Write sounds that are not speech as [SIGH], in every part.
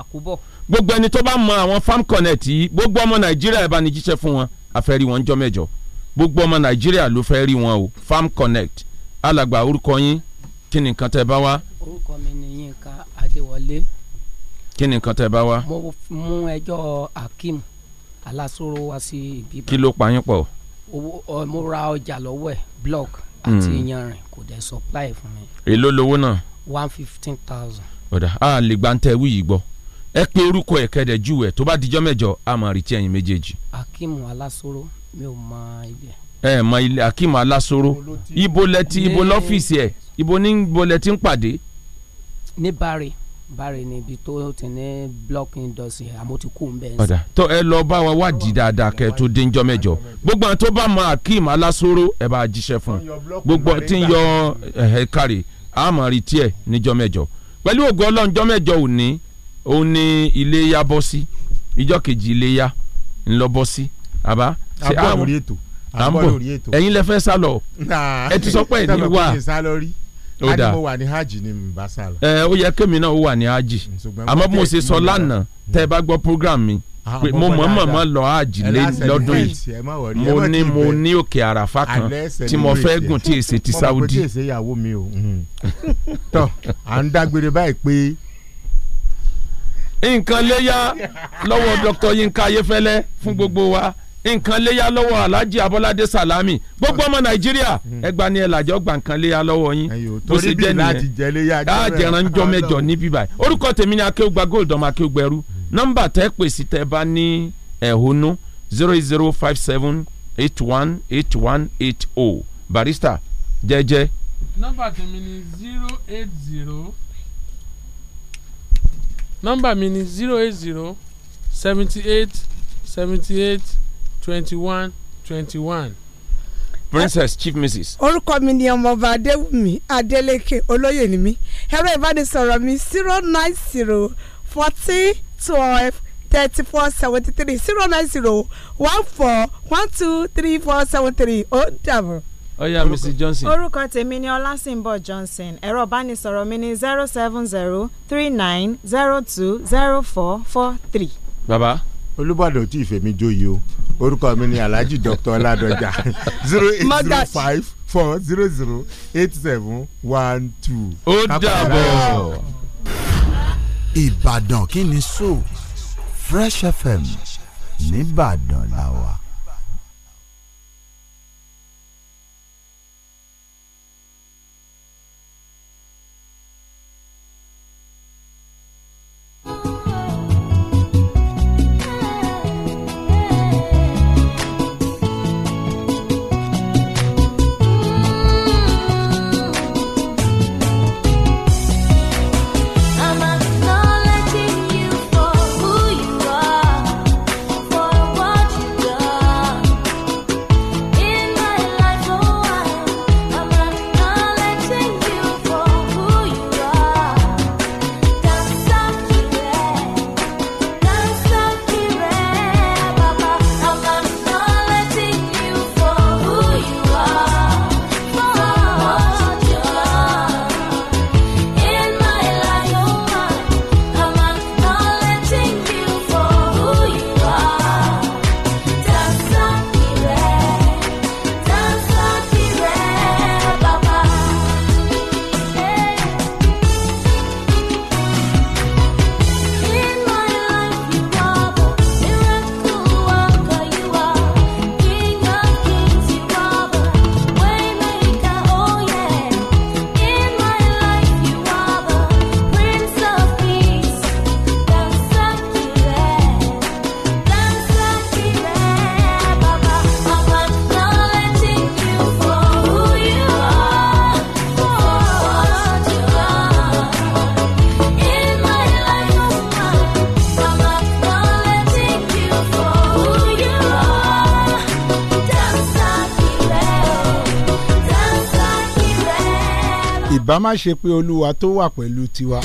àkúbọ̀. gbogbo ẹni tó bá mọ àwọn farm connect yìí gbogbo ọmọ nàìjíríà ẹ bá ní jíṣẹ́ fún wọn àfẹ́ rí wọn jọ́ mẹ́jọ gbogbo ọmọ nàìjíríà ló fẹ́ rí wọn o farm connect alàgbà orúkọ yín kí ni nǹkan tẹ́ bá wá. orúkọ mi ni Yínká Adéwọlé. kí ni nǹkan bá wá. mo mú ẹjọ́ Akeem Alasoro wá sí ibi. kí ló pa yín pọ̀. mo ra ọjà lọ́wọ́ ẹ̀ block hmm. àti iyanrìn kò dẹ̀ supply fún mi. èló lowó náà. one fifteen thousand. ọ̀dà a lè gba ń tẹ́ gbọ́ ẹ pé orúkọ ẹ̀ kẹ́dẹ̀ jù ẹ̀ tó bá dijọ́ mẹ́jọ a máa retí ẹ̀yin méjèèjì. Akeem Alasoro mi ò mọ ibẹ̀. ẹ mọ ilé Akeem Alasoro ibo lẹti ibo lọ́fíìsì ẹ̀ ibo ní ibo lẹti ń pàdé. ní Bari Bari ni ibi tó ti ní block industry àmọ́ ti kú ń bẹ́ẹ̀. ọ̀dà tó ẹ lọ bá wa wádìí dáadáa kẹ́ tó dé njọ́ mẹ́jọ gbogbo àwọn tó bá mọ Akeem Alasoro ẹ bá jíṣẹ́ fún un gbogbo tí ń yọ ẹ̀ẹ́kárì a máa retí ẹ̀ níjọ́ mẹ́jọ pẹ̀lú ògo ọlọ́njọ́ mẹ́jọ òní ó ní iléyà bọ́ sí ìjọ kejì iléyà ńlọ bọ́ sí àbá. abọ́ lórí ètò abọ́ lórí ètò ẹ̀yin lẹ fẹ́ sálọ ẹ ti sọ pé ẹ̀ ní wà ó dà hajj ni mo ẹ sọ lánàá ẹ program mi ah, mo lọ hajj lọ́dún yìí mo ní mo ní òkè kan tí mo fẹ́ gùn tí èsè ti Saudi. mo mọ̀ pé tí èsè o. Hmm. tọ́ à ń dágbére pé. nǹkan léyà lọ́wọ́ Dr. Yinka Ayefẹ́lẹ́ fún gbogbo wa nǹkan léyà lọ́wọ́ Alhaji Abolade Salami gbogbo ọmọ Nàìjíríà ẹgbà ni ẹlàjọ gba nǹkan léyà lọ́wọ́ yín bó ṣe jẹ́ nìyẹn àjẹrán jọ mẹ́jọ níbí báyìí orúkọ tèmi ni akéwùgbà gold ọmọ tẹ tẹ bá ní zero barista jẹjẹ. Nọmba tèmi ni zero nọ́mbà mi ni zero eight zero seventy eight seventy eight twenty one twenty one. princess chief mrs. orúkọ mi ni ọmọọba adéwùmí adélékè olóyè ni mí ẹ̀rọ ìbánisọ̀rọ̀ mi zero nine zero forty twelve thirty four seventy three zero nine zero one four one two three four seven three ó dàbọ̀ ọyá Mrs Johnson. orúkọ tèmi ni Ọlásìnbọ̀ Johnson ẹ̀rọ ìbánisọ̀rọ̀ mi ni zero seven zero three nine zero two zero four four three. Baba, Olúbàdàn tí ìfẹ́ mi jóye o orúkọ mi ni Alhaji Dr. Ọládọjà [LAUGHS] zero eight zero five four zero zero eight seven one two. ó dàbọ̀. Ìbàdàn kí ni so Fresh FM nìbàdàn làwà. àwa má ṣe pé olúwa tó wà pẹ̀lú tiwa.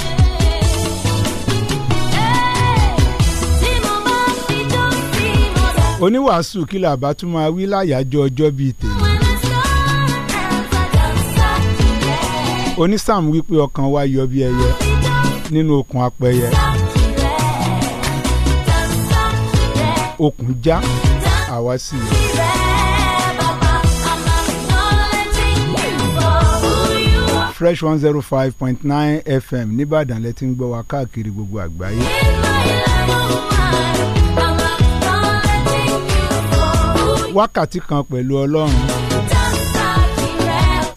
oníwàásù kìlà bá tún máa wí láyàájọ́ ọjọ́ bíi tèmi. onísàm wípé ọkàn wa yọ bí ẹyẹ nínú okùn apẹyẹ okùn já àwa sì yọ. fresh one zero oh five point nine fm nìbàdàn lẹ ti ń gbọ́ wa káàkiri gbogbo àgbáyé. wákàtí kan pẹ̀lú ọlọ́run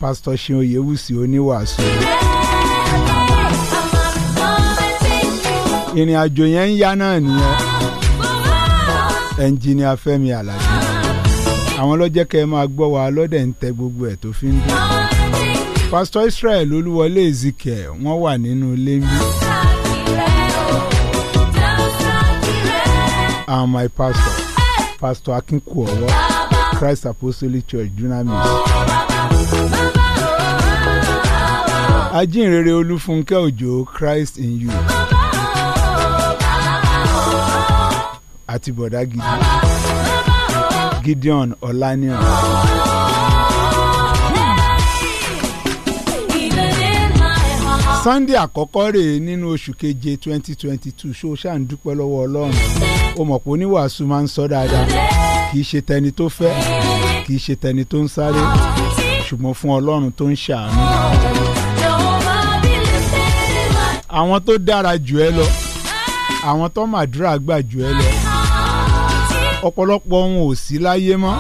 pásítọ̀ ṣeun oyèwùsì oníwàásù. ìrìn àjò yẹn ń yá náà nìyẹn ẹnjìnìà Fẹ́mi Àlàbí àwọn ló jẹ́ kẹ́ ẹ máa gbọ́ wa lọ́dẹ̀ ń tẹ gbogbo ẹ̀ tó fi ń dún pásítọ̀ Israel Olúwọlé Ezekiel wọ́n wà nínú ilé mi. and my pastor Pastor Akinkuowo Christ Apostolic Church Dunamis. Ajínrere Olúfúnkẹ́ Òjó Christ in you. àti bọ̀dá gidi Gideon Ọláníyàn. sunday àkọ́kọ́ rèé nínú oṣù keje twenty twenty two ṣó ṣáà ń dúpẹ́ lọ́wọ́ ọlọ́run o mọ̀ pé oníwàásù máa ń sọ dáadáa kì í ṣe tẹni tó fẹ́ kì í ṣe tẹni tó ń sáré ṣùgbọ́n fún ọlọ́run tó ń ṣàánú. àwọn tó dára jù ẹ lọ àwọn tó màdúrà gbà jù ẹ lọ ọ̀pọ̀lọpọ̀ wọn ò sí láyé mọ́.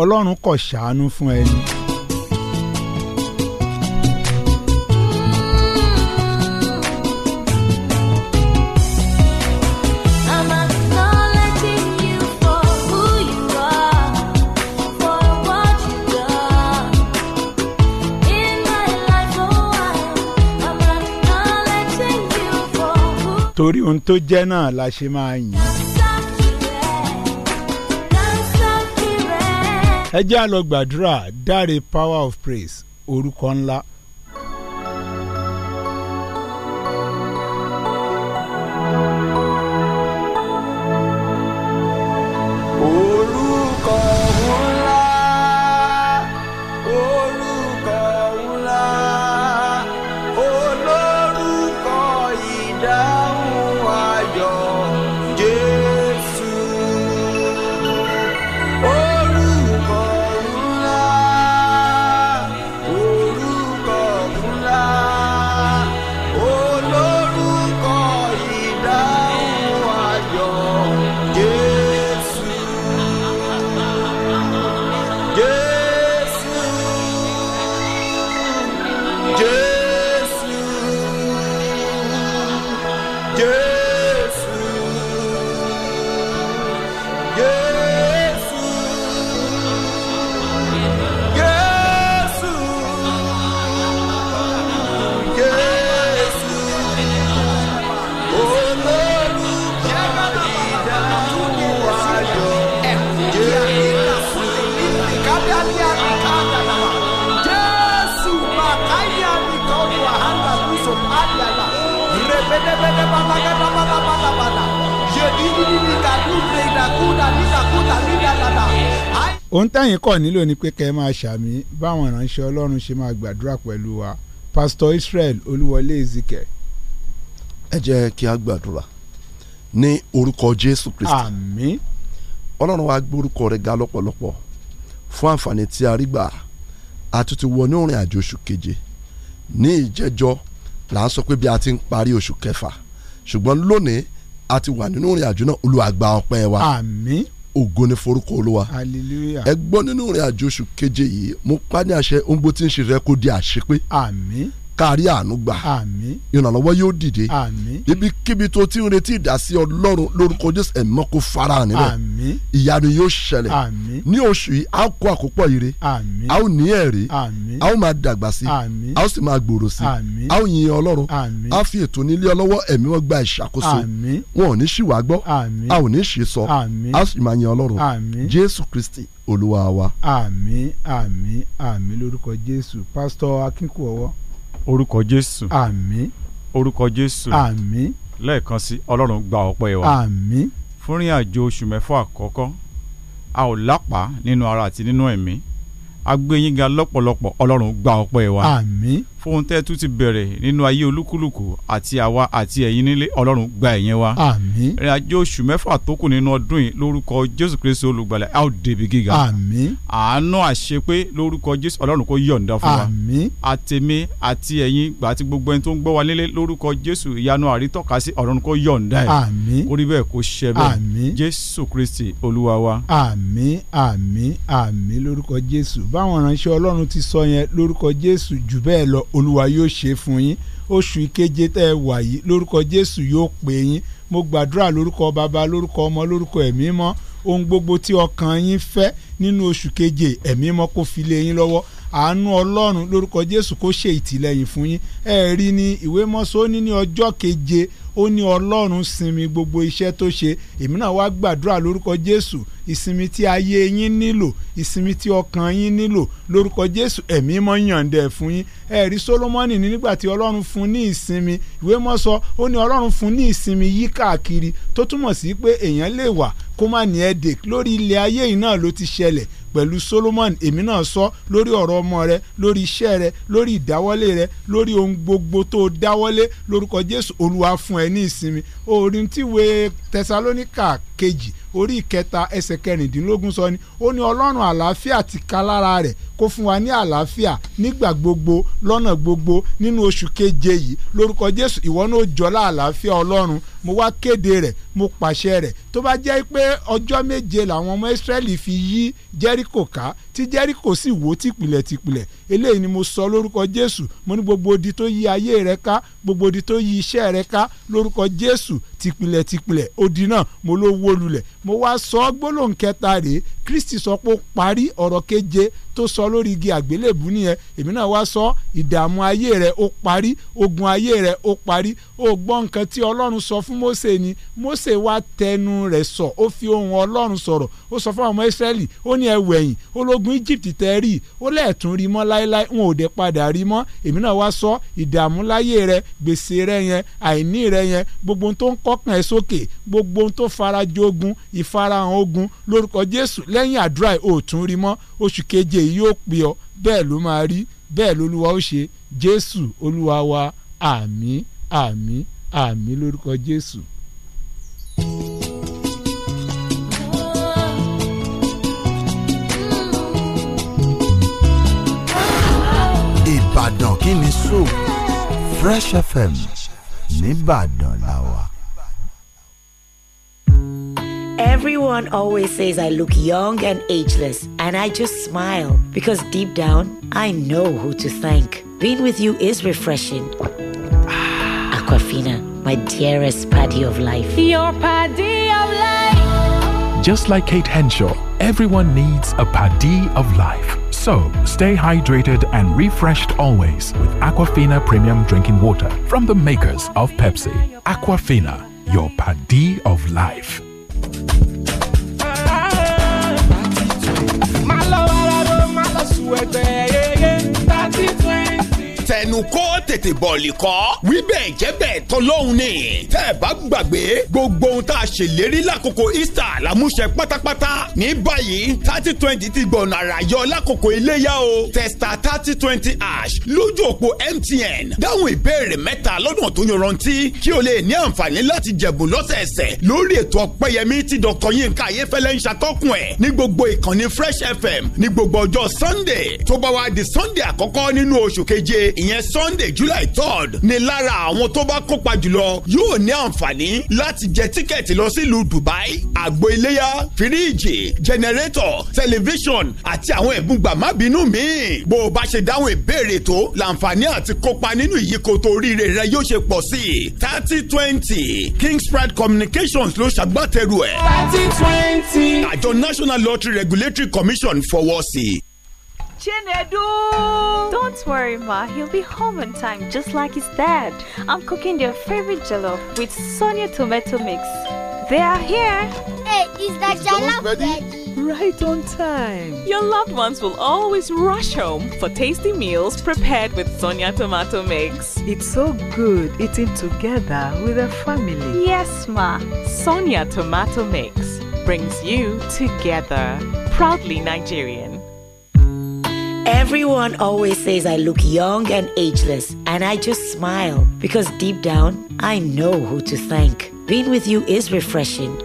ọlọ́run kò ṣàánú fún ẹni. torí ohun tó jẹ́ náà la ṣe máa yìn. ẹ jẹ́ àlọ́ gbàdúrà dáre power of praise orúkọ ńlá. Oh. ohun tẹ̀yìn kọ̀ nílò ni pé kẹ́ ẹ máa ṣàmì báwọn ìránṣẹ́ ọlọ́run ṣe máa gbàdúrà pẹ̀lú wa pásítọ̀ Israel Olúwọlé Ezike. ẹ jẹ́ kí a gbàdúrà ní orúkọ Jésù Kristi. àmín. ọlọ́run wa gbé orúkọ rẹ̀ ga lọ́pọ̀lọpọ̀ fún àǹfààní tí a rí gbà àtútù wọ ní òrìn àjò oṣù keje ní ìjẹ́jọ́ là ń sọ pé bí a ti ń parí oṣù kẹfà ṣùgbọ́n lónìí a ti wà nínú òrìn àjò náà Olúwa gba wa. àmín ògo ni forúkọ olúwa. hallelujah. ẹ nínú ìrìn àjò oṣù keje yìí mo pa ní àṣẹ ohun gbó tí ń ṣe rẹ kó di àṣepé. àmín kárí àánú gbà ìrànlọ́wọ́ yóò dìde ibikíbi tó ti ń retí ìdásí ọlọ́run lórúkọ jésù ẹ̀mọ́ kó fara hàn níbẹ̀ ìyanu yóò ṣẹlẹ̀ ní oṣù yìí a kó àkópọ̀ ire a ó ní ẹ̀rí a ó máa dàgbà sí a ó sì máa gbòòrò sí a ó yin ọlọ́run a fi ètò nílé ọlọ́wọ́ ẹ̀mí wọn gba ìṣàkóso wọn ò ní ṣì wá gbọ́ a ò ní ṣì sọ a sì máa yin ọlọ́run jésù kristi olúwa wa. àmín àmín àmín lórúkọ jésù pásítọ̀ akínkù ọwọ́ orúkọ jésù àmín orúkọ jésù àmín lẹ́ẹ̀kan sí ọlọ́run gba ọpẹ́ wa àmín fún rìn àjò oṣù mẹ́fà àkọ́kọ́ a ò lápá nínú ara àti nínú ẹ̀mí a gbé yín ga lọ́pọ̀lọpọ̀ ọlọ́run gba ọpẹ́ wa àmín fóun tẹ́ tún ti bẹ̀rẹ̀ nínú ayé olúkúlùkù àti àwa àti ẹ̀yin nílé ọlọ́run gba ẹ̀yẹn wa. àmín. ìrìn àjò oṣù mẹ́fà tó kù nínú ọdún yìí lórúkọ jésù kristu olùgbàlà a ó débi gíga. àmín. àánú àṣepé lórúkọ jésù ọlọ́run kó yọ̀ǹda fún wa. àmín. àtẹ̀mí àti ẹ̀yin gbà àti gbogbo ẹni tó ń gbọ́ wa nílé lórúkọ jésù ìyanu àrítọ́ka sí ọ̀run kó yọ̀ǹda ẹ̀. àmín. orí bẹ́ẹ̀ kó ṣẹ bẹ́ẹ̀. àmín. jésù kristi olúwa wa. àmín àmín àmín lórúkọ jésù báwọn ránṣẹ́ ọlọ́run ti sọ yẹn lórúkọ jésù jù bẹ́ẹ̀ lọ olúwa yóò ṣe fún yín oṣù ìkeje tẹ́ ẹ wà yìí lórúkọ jésù yóò pè yín mo gbàdúrà lórúkọ baba lórúkọ ọmọ lórúkọ ẹ̀mí mọ́ ohun gbogbo tí ọkàn yín fẹ́ nínú oṣù keje ẹ̀mí mọ́ kó fi lé yín lọ́wọ́ àánú ọlọ́run lórúkọ jésù kó ṣe ìtìlẹ́yìn fún yín ẹ rí ni ìwé mọ́sọ́ ó ní ní ọjọ́ keje ó ní ọlọ́run sinmi gbogbo iṣẹ́ tó ṣe èmi náà wá gbàdúrà lórúkọ jésù ìsinmi tí ayé yín nílò ìsinmi tí ọkàn yín nílò lórúkọ jésù ẹ̀mí mọ́ yànjẹ́ fún yín ẹ rí solomoni ní nígbà tí ọlọ́run fún ní ìsinmi ìwé mọ́sọ́ ó ní ọlọ́run fún ní ìsinmi yí káàkiri tó túmọ̀ sí pé èèyàn lè wà kó má ní headache lórí ilẹ̀ ayé yìí náà ló ti ṣe ṣẹlẹ̀ pẹ̀lú Solomon èmi náà sọ lórí ọ̀rọ̀ ọmọ rẹ lórí iṣẹ́ rẹ lórí ìdáwọ́lé rẹ lórí ohun gbogbo tó o dáwọ́lé lórúkọ Jésù Olúwa fún ẹ ní ìsinmi orin tíwèé Tẹsalóníkà kejì orí ìkẹta ẹsẹ̀ kẹrìndínlógún sọ ni ó ní ọlọ́run àlàáfíà ti ka lára rẹ̀ kó fún wa ní àlàáfíà nígbà gbogbo lọ́nà gbogbo nínú oṣù keje yìí lórúkọ jésù ìwọ náà jọlá àlàáfíà ọlọ́run mo wá kéde rẹ̀ mo pàṣẹ rẹ̀ tó bá jẹ́ pé ọjọ́ méje làwọn ọmọ ìsírẹ́lì fi yí jẹ́ríkò ká tí jẹ́ríkò sì wó tìpìlẹ̀ tìpìlẹ̀ eléyìí ni mo sọ lórúkọ jésù mo ní gbogbo odi tó yí ayé rẹ ká gbogbo odi tó yí iṣẹ́ rẹ ká lórúkọ jésù tìpìlẹ̀ tìpìlẹ̀ odi náà mo ló wó lulẹ̀ mo wá sọ gbólóhùn rèé Kristi sọ pé ó parí ọ̀rọ̀ keje tó sọ lórí igi àgbélébù nìyẹn èmi náà wá sọ ìdààmú ayé rẹ ó parí ogun ayé rẹ ó parí ó gbọ́ nǹkan tí Ọlọ́run sọ fún Mósè ni Mósè wá tẹnu rẹ̀ sọ ó fi ohun Ọlọ́run sọ̀rọ̀ ó sọ fún àwọn ọmọ Ísírẹ́lì ó ní ẹ wẹ̀yìn ológun Egypt tẹ́ rí i ó lẹ́ẹ̀tún rí mọ́ láéláé wọn ò dé padà rí mọ́ èmi náà wá sọ ìdààmú láyé rẹ gbèsè rẹ yẹn àìní rẹ yẹn gbogbo ohun tó ń kọ́kàn ẹ sókè gbogbo ohun tó fara ìfarahàn ogun lórúkọ Jésù lẹ́yìn àdúrà ò tún rí mọ́ oṣù keje yìí yóò pè ọ́ bẹ́ẹ̀ ló máa rí bẹ́ẹ̀ lolúwa ó ṣe jésù olúwa wa àmín àmín àmín lórúkọ jésù. ìbàdàn kí ni so Fresh FM nìbàdàn làwà. Everyone always says I look young and ageless, and I just smile because deep down, I know who to thank. Being with you is refreshing. [SIGHS] Aquafina, my dearest paddy of life. Your paddy of life. Just like Kate Henshaw, everyone needs a paddy of life. So, stay hydrated and refreshed always with Aquafina Premium Drinking Water from the makers of Pepsi. Aquafina, your paddy of life. vuelve ẹnu kó tètè bọ̀ọ̀lì kọ́ wí bẹ́ẹ̀ jẹ́ bẹ́ẹ̀ tọ́lọ́hun ni tẹ́ ẹ bá gbàgbé gbogbo ohun tá a ṣèlérí lákòókò Easter làmúṣẹ pátápátá ní báyìí thirty twenty ti gbọ̀nà àràyọ lákòókò iléyà o testa thirty twenty ash lójú òpó MTN dáhùn ìbéèrè mẹ́ta lọ́dún tó yanrantí kí o lè ní àǹfààní láti jẹ̀bùn lọ́sẹ̀ẹsẹ̀ lórí ètò ọ̀pẹ́yẹmí tí Dr. Yinka Ayéfẹ́lẹ́ ń ṣàtọ́kùn ẹ̀ ní gbogbo ìkànnì Fresh FM ní gbogbo ọjọ́ Sunday tó bá wá di Sunday àkọ́kọ́ nínú oṣù keje ìyẹn ìyẹn sunday july third ni lára àwọn tó bá kópa jùlọ yóò ní àǹfààní láti jẹ tíkẹ́ẹ̀tì lọ sílùú dubai àgbo iléyà fíríìjì jẹnẹrétọ̀ tẹlifíṣọ̀n àti àwọn ẹ̀bùn gbàmábínú míì bó o bá ṣe dáhùn ìbéèrè tó làǹfààní àti kópa nínú ìyíkoto oríire rẹ yóò ṣe pọ̀ sí i thirty twenty Kingspread communications ló ṣàgbàtẹrù ẹ̀. thirty twenty. àjọ national lottery regulatory commission fọwọ́ sí i. Don't worry, Ma. He'll be home on time, just like his dad. I'm cooking their favorite jollof with Sonia tomato mix. They are here. Hey, is that jollof ready? Right on time. Your loved ones will always rush home for tasty meals prepared with Sonia tomato mix. It's so good eating together with a family. Yes, Ma. Sonia tomato mix brings you together. Proudly Nigerian. Everyone always says I look young and ageless, and I just smile because deep down, I know who to thank. Being with you is refreshing. [SIGHS]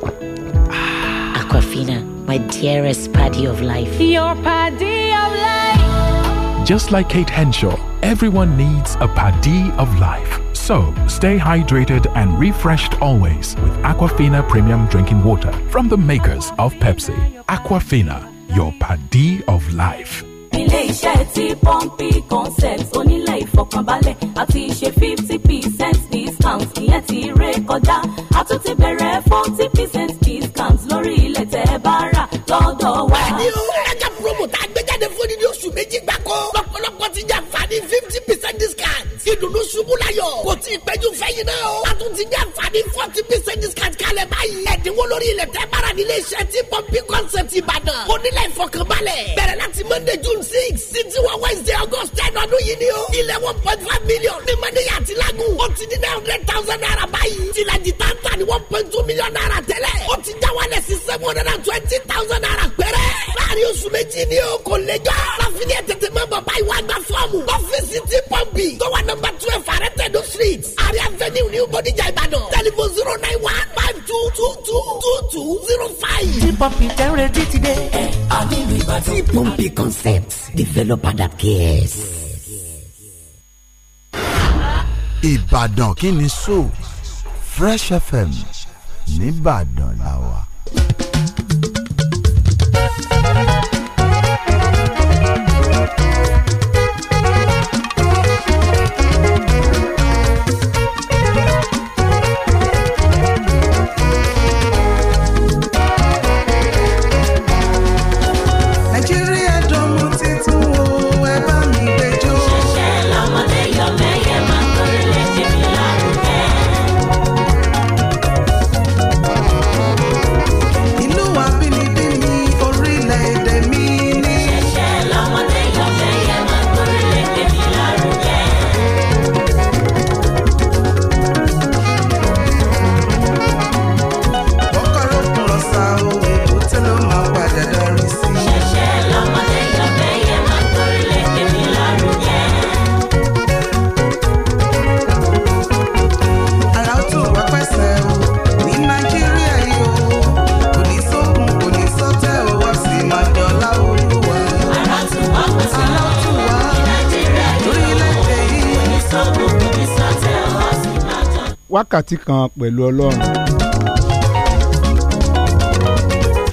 Aquafina, my dearest paddy of life. Your paddy of life. Just like Kate Henshaw, everyone needs a paddy of life. So, stay hydrated and refreshed always with Aquafina Premium Drinking Water from the makers of Pepsi. Aquafina, your paddy of life. ilé iṣẹ́ ti pọ́ǹpì concept onílẹ̀ ìfọkànbalẹ̀ àti ṣe fifty percent discount ìyẹn ti ré kọjá a tún ti bẹ̀rẹ̀ forty percent discount lórí ilẹ̀ tẹ́ bá rà lọ́dọ̀ wa. ẹni o ẹja promo tá a gbé jáde fún ní oṣù méjì gbáko lọ́pọ̀lọpọ̀ ti jẹ́ àǹfààní fifty percent discount ìdùnnú ṣubú láyọ̀ kò tí ì pẹ́jù fẹ́ yín náà o. a tún ti jẹ́ àǹfààní forty percent discount kalẹ̀ báyìí. ẹ̀dínwó lórí ilẹ̀ tẹ́ bára nílé iṣẹ́ tí pọ́ńpì concept ìbàdàn. onílẹ̀ ìfọkànbalẹ̀ bẹ̀rẹ̀ láti monday june six sí tiwọn wednesday august ten ọdún yìí ni o. ilẹ̀ one point five million ní mọ́níyà àti lágùn. ó ti di nine hundred thousand naira báyìí. tìlàjì táǹtà ni one point two million naira tẹ́lẹ̀. ó ti já wálẹ̀ sí seven hundred and twenty thousand hundred naira péré. láàrin oṣù méjì ni o kò lẹ́jọ́. láfíìnì ẹ̀ tètè máa bàbá ìwà àgbà fọ́ọ̀mù. ọ́fíìsì ti pọ́ǹpì. tó wà nọmba twelve àrẹ tẹ̀dó street. àrẹ avenue new bodijà ìbàdàn. tẹlifon zero nine one five two two two two two zero five. ti pọ́ǹpì tẹ́rẹ̀ títí dé. ẹ àmì ìlú ìbàdàn. ti pọ́ǹpì concept developer that cares. ìbàdàn kí ni so Fresh FM nìbàdàn làwà. wákàtí kan pẹ̀lú ọlọ́run.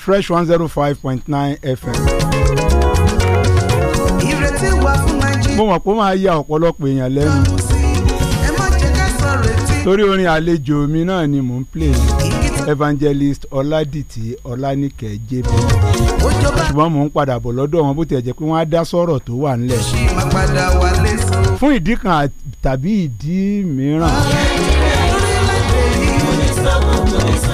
fresh one zero five point nine fm. ìrètí wà fún nàìjíríà. mo mọ̀ pé ó máa ya ọ̀pọ̀lọpọ̀ èèyàn lẹ́nu. torí orin àlejò mi náà ni mò ń play evangelist ọládìtì ọlánìkẹ́ jb ṣùgbọ́n mò ń padà bọ̀ lọ́dọ̀ wọn bó tiẹ̀ jẹ́ pé wọ́n á dá sọ̀rọ̀ tó wà ńlẹ̀ fún ìdí kan tàbí ìdí mìíràn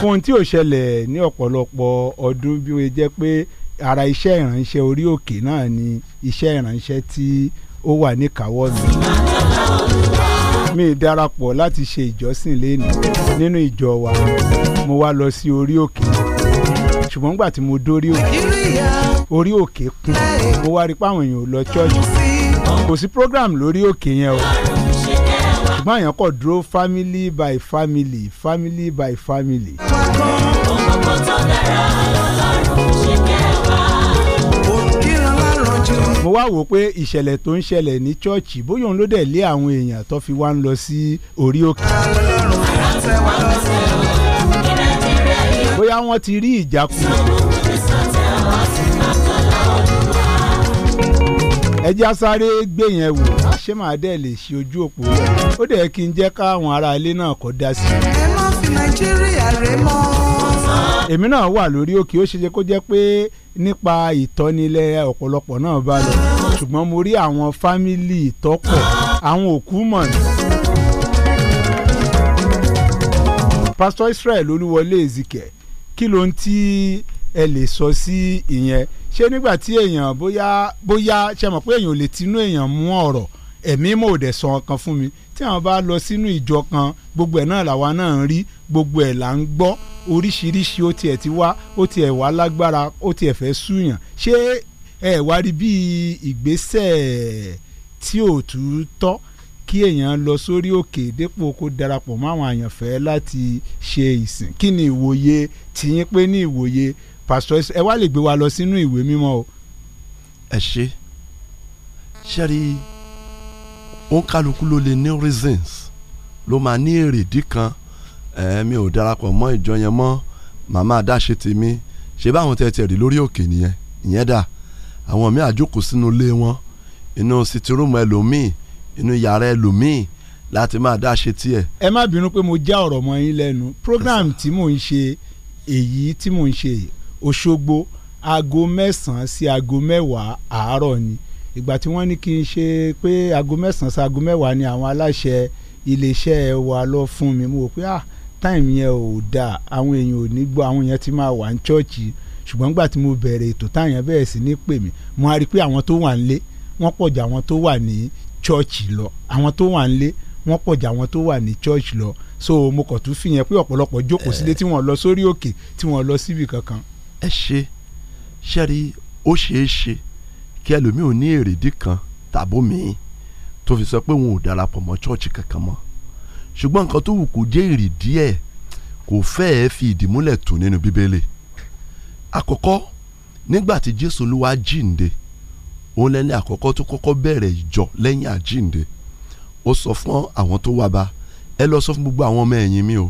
fún ohun tí ò ṣẹlẹ̀ ní ọ̀pọ̀lọpọ̀ ọdún bí wọ́n jẹ́ pé ara iṣẹ́ ìránṣẹ́ orí òkè náà ni iṣẹ́ ìránṣẹ́ tí ó wà níkàáwọ́ mi. mi darapọ̀ láti ṣe ìjọsìn lẹ́nu nínú ìjọ wa mo wá lọ sí orí òkè ṣùgbọ́n nígbà tí mo dórí òkè orí òkè kún mo wá rí pé èèyàn lọ ṣọ́ọ̀ṣì kò sí program lórí òkè yẹn o ṣùgbọ́n àyàn kò dúró family by family family by family. òkòkò tó dára lọ́lọ́run ṣe kẹwàá mo wá wò pé ìṣẹ̀lẹ̀ tó ń ṣẹlẹ̀ ní chọ́ọ̀chì bóyá òun ló dẹ̀ lé àwọn èèyàn tó fi wá ń lọ sí orí òkè. bóyá wọ́n ti rí ìjákulẹ̀ ẹjẹ́ asáré gbé yẹn wò ṣé màá dẹ̀ lè ṣe ojú òpó ó dẹ̀ kí n jẹ́ káwọn ará ilé náà kọ́ dá sí ẹ má fi nàìjíríà rẹ mọ́. èmi náà wà lórí òkè ó ṣeṣe kó jẹ́ pé nípa ìtọ́nilẹ̀ ọ̀pọ̀lọpọ̀ náà bá lọ ṣùgbọ́n mo rí àwọn fámìlì ìtọ́kọ̀ àwọn òkú mọ̀ ní. pásítọ̀ Israel Olúwọlé Ezike kí ló ń tí ẹ lè sọ sí ìyẹn ṣé nígbà tí èèyàn bóyá bóyá ṣe mọ̀ pé èèyàn ò lè tinú èèyàn mú ọ̀rọ̀ ẹ̀mí mò dẹ̀ sọ kan fún mi tí àwọn bá lọ sínú ìjọ kan gbogbo ẹ̀ náà làwa náà ń rí gbogbo ẹ̀ là ń gbọ́ oríṣiríṣi ó tiẹ̀ ti wá ó tiẹ̀ wá lágbára ó tiẹ̀ fẹ́ súyàn ṣé ẹ wá rí bí ìgbésẹ̀ tí ò tú kí èèyàn lọ sórí òkè dépò kó darapọ̀ mọ́ àyànfẹ́ láti ṣe ìsìn kí ni ìwòye tìyín pé ní ìwòye pásítọ̀ ẹ wá lè gbé wa lọ sínú ìwé mímọ́ o. ẹ ṣe ṣẹ́rí òun kálukú ló lè ní reasons ló máa ní èrèdí kan ẹ̀ẹ́mi ò darapọ̀ mọ́ ìjọ yẹn mọ́ màmá adáṣe tèmi ṣé báwọn tẹ̀ tẹ̀ rí lórí òkè nìyẹn ìyẹn dà àwọn míì àjókòó sínú ilé wọn inú sitirumu ẹlòmíì inú yàrá ẹlòmíì láti máa dá tiẹ̀. ẹ má bínú pé mo já ọ̀rọ̀ mọ́ yín lẹ́nu program tí mò ń ṣe èyí tí mò ń ṣe Òṣogbo aago mẹ́sàn-án sí aago mẹ́wàá àárọ̀ ni ìgbà tí wọ́n ní kí n ṣe pé aago mẹ́sàn-án sí aago mẹ́wàá ni àwọn aláṣẹ iléeṣẹ́ wa lọ fún mi mo pé ah time yẹn ò dáa àwọn èèyàn ò ní gbọ́ àwọn yẹn ti máa wà ní chọ́ọ̀chì ṣùgbọ́n gbà tí mo bẹ̀rẹ̀ ètò táyẹn bẹ̀rẹ̀ sí ní pè mí mo á rí i pé àwọn tó wà nílé wọ́n pọ̀ ju àwọn tó wà ní chọ́ọ̀chì lọ àwọn tó wà nílé wọ́n pọ̀ ju àwọn tó wà ní chọ́ọ̀chì lọ so mo kàn tún fi yẹn pé ọ̀pọ̀lọpọ̀ jókòó sílé eh. tí wọ́n lọ sórí òkè tí wọ́n lọ síbi kankan ẹ ṣe ṣẹ́rí ó ṣeé ṣe kí ẹlòmíì ò ní èrèdí kan tàbómi tó fi sọ pé òun ò darapọ̀ mọ́ chọ́ọ̀chì kankan mọ́ ṣùgbọ́n nǹkan tó wù kó jẹ́ èrèdí ẹ̀ kò fẹ́ẹ̀ fi ìdí múlẹ̀ tó nínú bíbélì àkọ́kọ́ nígbà tí jésù olúwa jíǹde òun lẹ́ni àkọ́kọ́ tó kọ́kọ́ bẹ̀rẹ̀ ìjọ lẹ́yìn àjíǹde ó sọ fún àwọn tó wá bá ẹ lọ sọ fún gbogbo àwọn ọmọ ẹ̀yìn mi o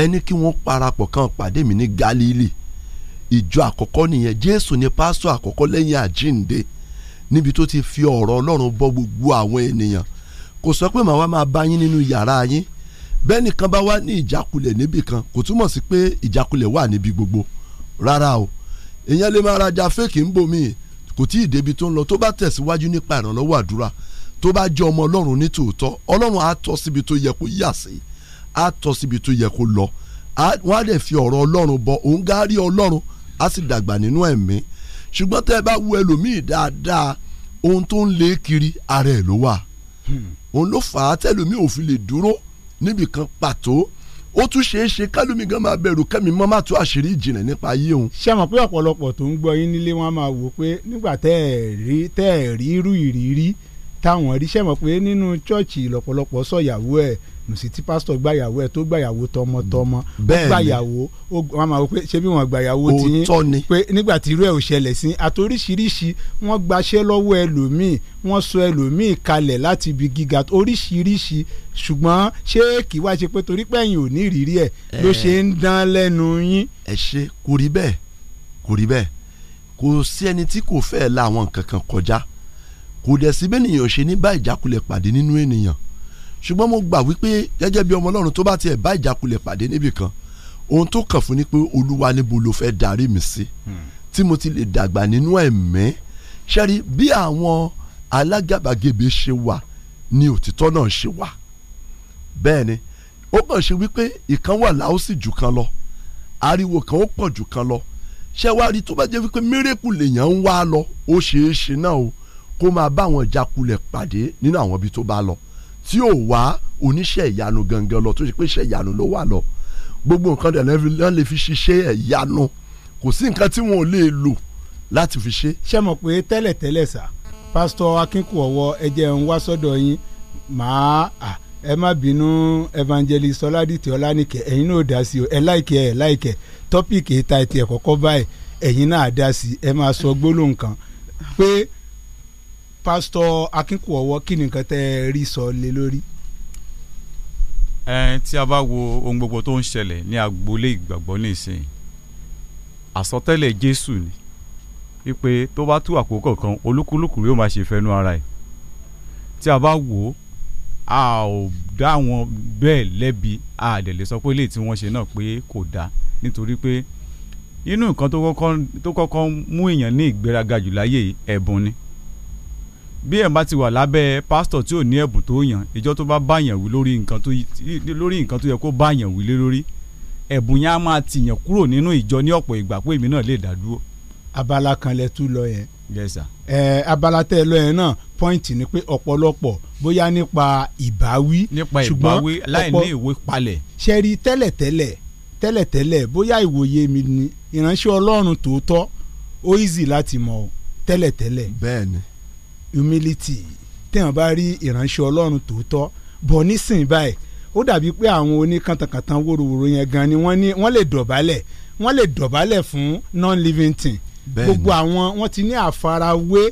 ẹ kí wọ́n parapọ̀ kan pàdé mi ní Gálílì ìjọ àkọ́kọ́ nìyẹn jésù ni pásítọ̀ àkọ́kọ́ lẹ́yìn àjínde níbi tó ti fi ọ̀rọ̀ ọlọ́run bọ́ gbogbo àwọn ènìyàn kò sọ pé màá wá máa bá yín nínú yàrá yín bẹ́ẹ̀ nìkan bá wá ní ìjákulẹ̀ níbì kan kò túmọ̀ sí pé ìjákulẹ̀ wà níbi gbogbo rárá o èèyàn lè máa rajà fèkì ń bomi kò tí ì débi tó ń lọ tó bá tẹ̀síwájú nípa ìrànlọ́wọ́ àdúrà tó bá jẹ́ ọmọ ọlọ́run ní tòótọ́ ọlọ́run á tọ́ síbi tó yẹ kó yà sí á tọ́ síbi tó yẹ kó lọ wọ́n á dẹ̀ fi ọ̀rọ̀ ọlọ́run bọ òun gáárí ọlọ́run á sì dàgbà nínú ẹ̀mí ṣùgbọ́n tẹ́ ẹ bá wo ẹlòmíì dáadáa ohun tó ń lé kiri ara ẹ̀ ló wà hmm. òun ló fà á tẹ́lòmíì ò fi lè dúró níbì kan pàtó ó tún ṣeé ṣe kálómi gan máa bẹ̀rù kẹ́mi mọ́ má tó àṣírí ìjìnlẹ̀ nípa ayé òun. ṣé àmọ́ pé ọ̀pọ̀lọpọ̀ tó ń gbọ́ yín nílé wọn máa wò pé nígbà tẹ́ ẹ̀ rí tẹ́ ẹ̀ rí irú ìrírí táwọn rí ṣé mọ̀ pé nínú chọ́ọ̀chì mùsítí pásítọ̀ gbàyàwó ẹ̀ tó gbàyàwó tọmọtọmọ ó gbàyàwó ó wọn máa wọ pé ṣé bí wọn gbàyàwó ti yín pé nígbà tí irú ẹ̀ ò ṣẹlẹ̀ sí àtòríṣiríṣi wọ́n gbaṣẹ́ lọ́wọ́ ẹlòmíì wọ́n sọ ẹlòmíì kalẹ̀ láti ibi gíga oríṣiríṣi ṣùgbọ́n ṣé kì í wá ṣe pé torí pé ẹ̀yin ò ní ìrírí ẹ̀ ló eh. ṣe ń dán lẹ́nu yín. ẹ ṣe kò rí bẹ́ẹ̀ kò rí bẹ́ẹ̀ kò sí ẹni tí kò fẹ́ẹ́ la àwọn nǹkan kan kọjá kò dẹ̀ síbẹ̀ nìyẹn ò ṣe ní bá ìjákulẹ̀ pàdé nínú ènìyàn ṣùgbọ́n mo gbà wípé gẹ́gẹ́ bí ọmọ ọlọ́run tó bá tiẹ̀ bá ìjákulẹ̀ pàdé níbì kan ohun tó kàn fún ni pé olúwa níbo ló fẹ́ darí mi sí hmm. tí mo ti lè dàgbà nínú ẹ̀mí ṣẹ́rí bí àwọn alágàbàgebè ṣe wà ni òtítọ́ náà ṣe wà bẹ́ẹ̀ ni ó kàn ṣe wípé ìkan wà láòsì jù kan lọ ariwo kan ó pọ̀ jù kan lọ ṣé wàá rí tó bá jẹ́ wípé mírèkù lèèyàn ń wá lọ ó ṣeé ṣe náà o kó máa bá àwọn ìjákulẹ̀ pàdé nínú àwọn ibi tó bá lọ tí ò wá oníṣẹ́ ìyanu gangan lọ tó ṣe pé iṣẹ́ ìyanu ló wà lọ gbogbo nǹkan dẹ̀ lọ́n lè fi ṣiṣẹ́ ìyanu kò sí nǹkan tí wọn ò lè lò láti fi ṣe. ṣé mọ̀ pé tẹ́lẹ̀tẹ́lẹ̀ sà pásítọ̀ akínkùọ̀wọ́ ẹ jẹ́ ń wá sọ́dọ̀ yín màá ẹ má bínú evangelist ọládìtì ọlánìkẹ́ ẹ̀yin náà dá sí o ẹ láìkẹ́ ẹ láìkẹ́ tọ́pìkì ìta ètò ẹ̀kọ́kọ́ báyìí ẹ̀yin náà dá sí ẹ máa sọ gbólóhùn kan pé pásítọ̀ akínkùọ̀wọ́ kí ni nǹkan tẹ́ ẹ rí sọ lé lórí. ẹ tí a bá wo ohun gbogbo tó ń ṣẹlẹ̀ ní agboolé ìgbàgbọ́ nìsín àsọtẹ́lẹ̀ jésù ni wípé tó bá tú àkókò kan olúkúlùkù yóò máa ṣe fẹnu ara ẹ̀ tí a bá wò ó a ò dá wọn bẹ́ẹ̀ lẹ́bi a dẹ̀ lè sọ pé léè tí wọ́n ṣe náà pé kò dáa nítorí pé inú nǹkan tó kọ́kọ́ mú èèyàn ní ìgbéraga jù láyé ẹ̀bùn ni bí ẹ̀ bá ti wà lábẹ́ pásítọ̀ tí ò ní ẹ̀bùn tó yàn ìjọ tó bá báyàn wí lórí nǹkan tó lórí nǹkan tó yẹ kó báyàn wí lé lórí ẹ̀bùn yẹn á máa tìyàn kúrò nínú ìjọ ní ọ̀pọ̀ ìgbà pé èmi náà lè dá dúró. abala kan lẹ tún lọ yẹn. yes sir. ẹ abala tẹ ẹ lọ yẹn náà pọ́ìntì ni pé ọ̀pọ̀lọpọ̀ bóyá nípa ìbáwí. nípa ìbáwí láì ní ìwé palẹ̀. ṣẹ́rí tẹ́lẹ̀tẹ́lẹ̀ tẹ́lẹ̀tẹ́lẹ̀ bóyá ìwòye mi ni ìránṣẹ́ ọlọ́run tòótọ́ ó easy láti humility téèyàn bá rí ìránṣẹ́ ọlọ́run tòótọ́ bọ̀ nísìnyí báyìí ó dàbí pé àwọn oníkàntàkàntàn wòròwòrò yẹn gan ni wọ́n ní wọ́n lè dọ̀bálẹ̀ wọ́n lè dọ̀bálẹ̀ fún non-living thing gbogbo àwọn wọ́n ti ní àfarawé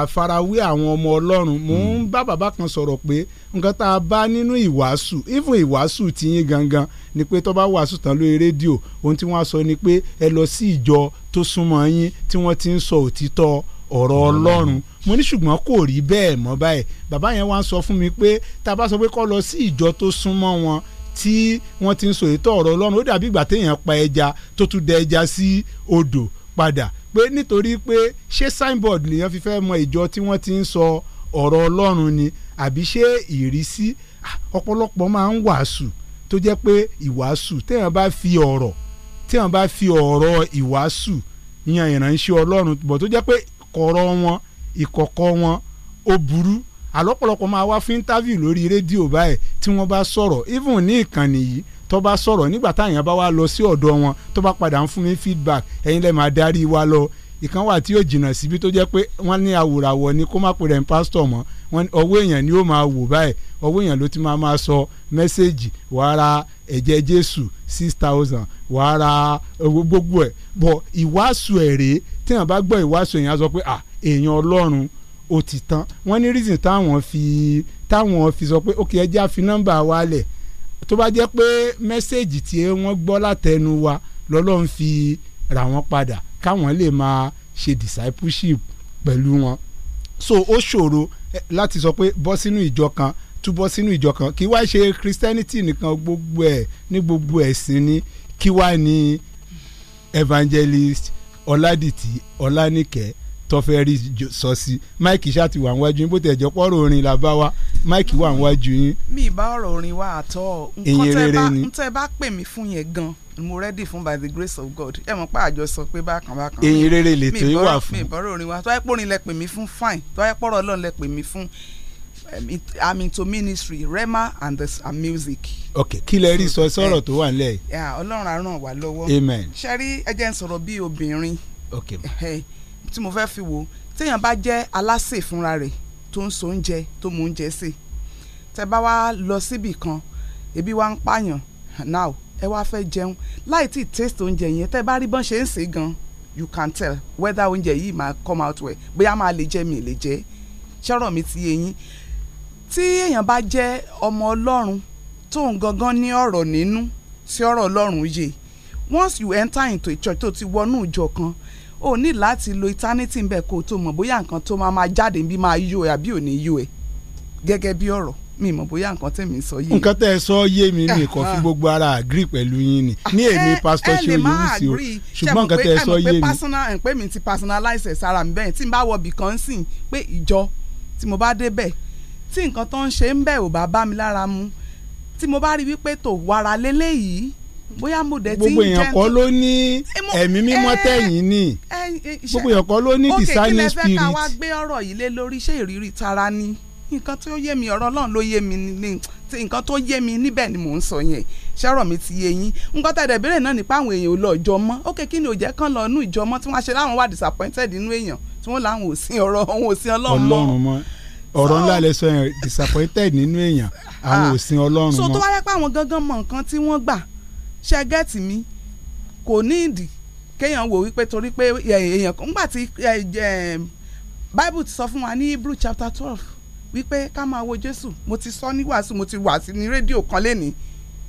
àfarawé àwọn ọmọ ọlọ́run mò ń hmm. bá bàbá kan sọ̀rọ̀ pé nǹkan tá a bá nínú ìwàásù even ìwàásù ti yín gangan ni pé tó bá wàásù tán lórí rédíò ohun tí wọ́n á sọ ni pé ẹ lọ sí ìjọ tó súnmọ́ yín tí wọ́n ti ń sọ òtítọ́ ọ̀rọ̀ ọlọ́run mo ní ṣùgbọ́n kò rí bẹ́ẹ̀ mọ́ báyìí bàbá yẹn wá ń sọ fún mi pé tá a bá sọ pé kó lọ sí ìjọ tó súnmọ́ wọn tí wọ́n ti ń sọ ètò ọ̀rọ̀ ọlọ́run ó dàbí ìgbà téèyàn pa ẹja tó tún dẹ ẹja sí odò padà pé nítorí pé ṣé signboard lèèyàn fi fẹ́ mọ ìjọ tí wọ́n ti ń sọ ọ̀rọ̀ ọlọ́run ni àbí ṣé ìrísí ọ̀pọ̀lọpọ̀ máa ń wàásù tó jẹ́ pé ìwàásù téèyàn bá fi ọ̀rọ̀ téèyàn bá fi ọ̀rọ̀ ìwàásù ìyàn ìránṣẹ́ ọlọ́run bọ̀ tó jẹ́ pé kọ̀rọ̀ wọn ìkọ̀kọ̀ wọn ó burú àlọ́pọ̀lọpọ̀ máa wá fún interview lórí rédíò báyìí tí wọ́n bá sọ̀rọ̀ even ní ìkànnì yìí tó bá sọ̀rọ̀ nígbà táyàn bá wá lọ sí ọ̀dọ̀ wọn tó bá padà ń fún mi feedback ẹ̀yin lẹ́ẹ̀ máa darí wa lọ ìkan wà tí yóò jìnnà síbi tó jẹ́ pé wọ́n ní àwòràwọ̀ ni kó má pè rẹ̀ ń pásítọ̀ mọ́ ọwọ́ èèyàn ni ó máa wò báyìí ọwọ́ èèyàn ló ti máa máa sọ mẹ́sẹ̀gì wàá ra jésù six thousand wàá ra gbogbo ẹ̀ bọ̀ ìwàásù ẹ̀ rèé tí wọ́n bá gbọ́ ìwàásù yẹn á sọ pé à èèyàn ọlọ́run ó ti tán wọ́n ní reason táwọn fi táwọn fi sọ pé ó kì í ẹjẹ́ àfi nọ́mbà wa lẹ̀ tó bá jẹ́ pé mẹ́sẹ̀gì tí wọ́n gbọ́ látẹnu wa lọ́lọ́run fi rà wọ́n padà káwọn lè máa ṣe discipleship pẹ̀lú wọn so ó ṣòro eh, láti sọ pé bọ́ sínú ìjọ kan túbọ̀ sínú ìjọ kan kí wá ṣe christianity nìkan gbogbo ẹ̀ ní gbogbo ẹ̀sìn ni kí wá ní evangelist ọládìtì ọlánìkẹ́ tọ́fẹ́ rí mike ṣáàtì wà níwájú yín bó tẹ̀ jẹ́ pọ́rọ̀ orin là bá wa mike wà níwájú yín. mi ìbá ọ̀rọ̀ orin wa àtọ́ nǹkan tẹ́ bá pè mí fún yẹn gan mo ready fún by the grace of God ẹ mọ̀ pé àjọ sọ pé bákan bákan. èyí rere lè tó yín wà fún. mi ìbọ̀rọ̀ orin wa tó ayé pọ́rin lẹ pè mí fún fine tó ayé pọ́rọ̀ ọlọ́run lẹ pè mí fún um, I'm into ministry rema and this and music. ok kí lè rí sọ sọ̀rọ̀ tó wà nílẹ̀ yìí. ọlọ́run á ràn wá lọ́wọ́. amen. ṣe rí ẹ jẹ́ n sọ̀rọ̀ bí obìnrin. ok tí mo fẹ́ fi wo téèyàn bá jẹ́ alásè fúnra rẹ̀ tó ń so oúnjẹ tó mú oúnjẹ sè tẹ́ bá wá lọ síbì kan ebi wá ń pààyàn now ẹ wá fẹ́ jẹun láì tí taste oúnjẹ yẹn tẹ́ bá rí bọ́n ṣe ń sè gan you can tell whether oúnjẹ yìí máa come out well bóyá máa lè jẹ mi lè jẹ ṣọ́rọ̀ mi ti yé yín tí èèyàn bá jẹ́ ọmọ ọlọ́run tóun gangan ní ọ̀rọ̀ nínú sí ọ̀rọ̀ ọlọ́run yìí once you enter into a church tó ti wọnú ìjọ kan o ní láti lo eternity ń bẹ̀ kó o tó mọ̀ bóyá nǹkan tó máa máa jáde bí máa yó ẹ àbí ò ní yó ẹ gẹ́gẹ́ bí ọ̀rọ̀ mi mọ̀ bóyá nǹkan tẹ̀mí sọ yé mi. nǹkan tẹ́ ẹ sọ yé mi mi kàn fi ah. gbogbo ara agree pẹ̀lú yín ni ní eh, èmi pásítọ̀ ṣe Oyewusi o ṣùgbọ́n nǹkan tẹ́ ẹ sọ yé mi. ẹ pé mi ti personalize ẹ̀ sára mi bẹ́ẹ̀ tí n bá wọ bìkan sìn pé ìjọ tí mo bá débẹ̀ tí nǹkan tó ń ṣe ń bẹ̀ ò bá bá mi lára mu tí mo bá rí wípé tò wàrà lélẹ́yìí bóyá mo dẹ̀ ti ń jẹ́ gbogbo èèyàn kọ́ ló ní ẹ̀mí mímọ́ tẹ̀yìn ni gbogbo èèyàn kọ́ ló ní discerning spirit. òkè kí lẹ fẹ́ ká wá gbé ọ̀rọ̀ yìí lé lórí ṣé ìrírí tara ni nǹkan tó yé mi ọ̀rọ̀ Ọlọ́run ló yé mi ni nǹkan tó yé mi níbẹ̀ ni mò ń sọ yẹn ṣọ́rọ̀ mi ti yé yín nǹkan tẹ̀dẹ̀ bẹ̀rẹ̀ náà nípa àwọn èèyàn ò lọ ìjọ mọ́ òkè kí ni ò jẹ́ lọ inú ìjọ mọ́ tí wọ́n á ṣe láwọn wà disappointed nínú èèyàn tí wọ́n láwọn ò sin ọ̀rọ̀ òun ò sin Ọlọ́run mọ́ ọ̀rọ̀ ńlá lẹ sọ yẹn disappointed nínú èèyàn àwọn ah. òsìn ọlọ́run wọn. so tó wá rẹ́ pé àwọn gangan mọ nǹkan tí wọ́n gbà ṣe gẹ́ẹ̀tì mi kò ní ìdí kéèyàn wò wípé torí pé èèyàn kan nígbà tí bible ti sọ fún wa ní hebrew chapter twelve wípé ká máa wo jésù mo ti sọ ní wàásù mo ti wàásù ní rédíò kan lẹ́ni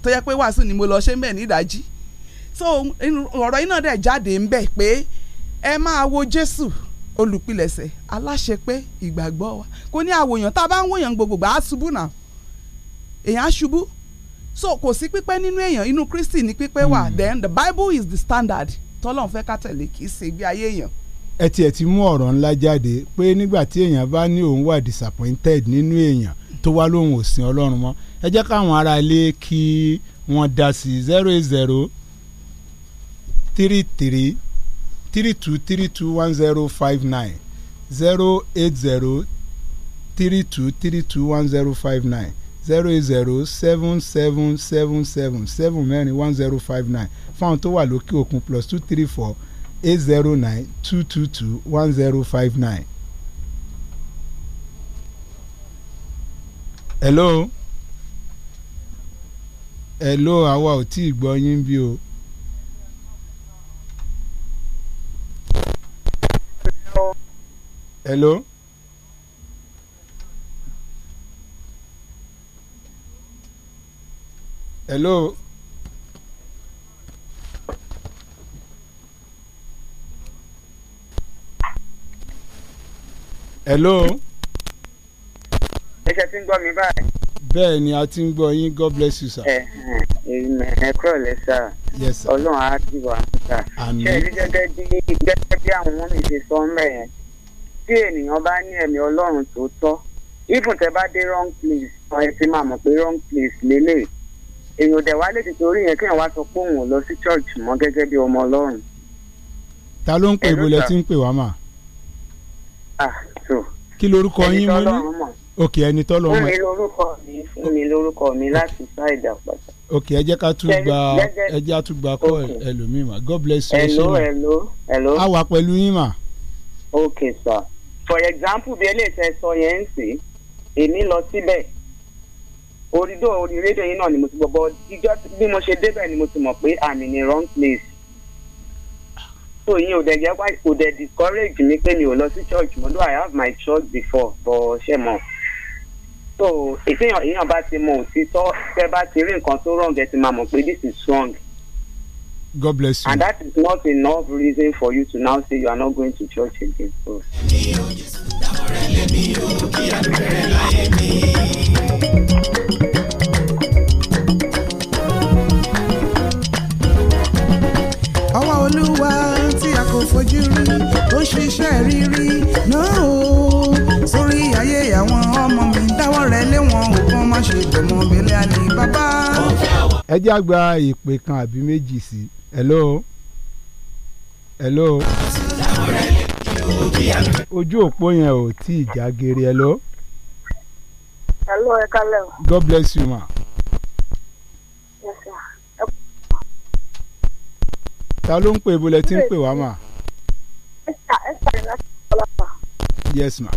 tó yẹ pé wàásù ni mo lọ ṣe ń bẹ̀ ní so ọ̀rọ̀ yìí náà dẹ̀ jáde ń bẹ̀ pé ẹ máa wo jésù olùpilẹ̀ṣẹ̀ aláṣepé ìgbàgbọ́ wa kò ní àwòyàn tá a bá ń wòyàn gbogbogbò á ṣubú náà èèyàn á ṣubú so kò sí pípẹ́ nínú èèyàn inú Kristi ní pípẹ́ wà hmm. then the Bible is the standard tọ́lọ́run fẹ́ ká tẹ̀lé kì í ṣe ibi ayé èèyàn. ẹ tiẹ̀ ti mú ọ̀rọ̀ ńlá jáde pé nígbà tí èèyàn bá ní òun wà disappointed nínú èèyàn tó wá lóhùn òsìn ọlọ́run mọ́ ẹ jẹ́ káwọn ará ilé kí wọ́n dá sí zero eight zero three three three two three two one zero five nine zero eight zero three two three two one zero five nine zero eight zero seven seven seven seven seven mẹ́rin one zero five nine fáwọn tó wà lókè òkun plus two three four eight zero nine two two two one zero five nine. hello hello àwa ò tí ì gbọ́ yín bí o. hello. hello. hello. ẹ ṣe ti ń gbọ́ mi báyìí. bẹ́ẹ̀ ni a ti ń gbọ́ yín god bless you sir. ẹ ẹ kúrò lẹ sá ọlọ́run á ti wà sá. àmín. ní gẹ́gẹ́ bí gẹ́gẹ́ bí àwọn ọmọ ṣe sọ ń bẹ̀ tí ènìyàn bá ní ẹ̀mí ọlọ́run tó tọ́ even tẹ bá dé wrong place wọn ẹ ti mọ̀ pé wrong place lélẹ̀ èèyàn dẹ̀ wá lè torí yẹn kí wá lọ sí church mọ́ gẹ́gẹ́ bí ọmọ ọlọ́run. ta ló ń pè ń pè wá ah, kí lorúkọ yín mú ní òkè ẹni mọ̀. fún mi lorúkọ mi fún mi lorúkọ mi láti ṣáìdà pàtàkì. ok ẹ jẹ́ ká kọ́ for example bí eléyìí sọ yẹn ń sìn èmi lọ síbẹ̀ orídó orí rédíò yìí náà ni mo ti gbọ́ bọ́ ìjọ bí mo ṣe débẹ̀ ni mo ti mọ̀ pé I'm in the wrong place so yín ò dẹ̀ jẹ́ wá kò discourage mi pé mi ò lọ sí church mo do I have my church before but ṣe mọ̀ so ìfihàn èèyàn bá ti mọ òtítọ́ tẹ́ bá ti rí nǹkan tó wrong ẹ ti máa mọ̀ pé this is wrong God bless you. And that is not enough reason for you to now say you are not going to church again. So. Oh. ẹ jẹ́ àgbà ìpè kan àbí méjì sí hello hello ojú òpó yẹn ò tí ì já geere hello. hello ẹ kálẹ̀ o. God bless you ma. ta ló ń pè ibo lẹ ti ń pè wá mà. yes ma.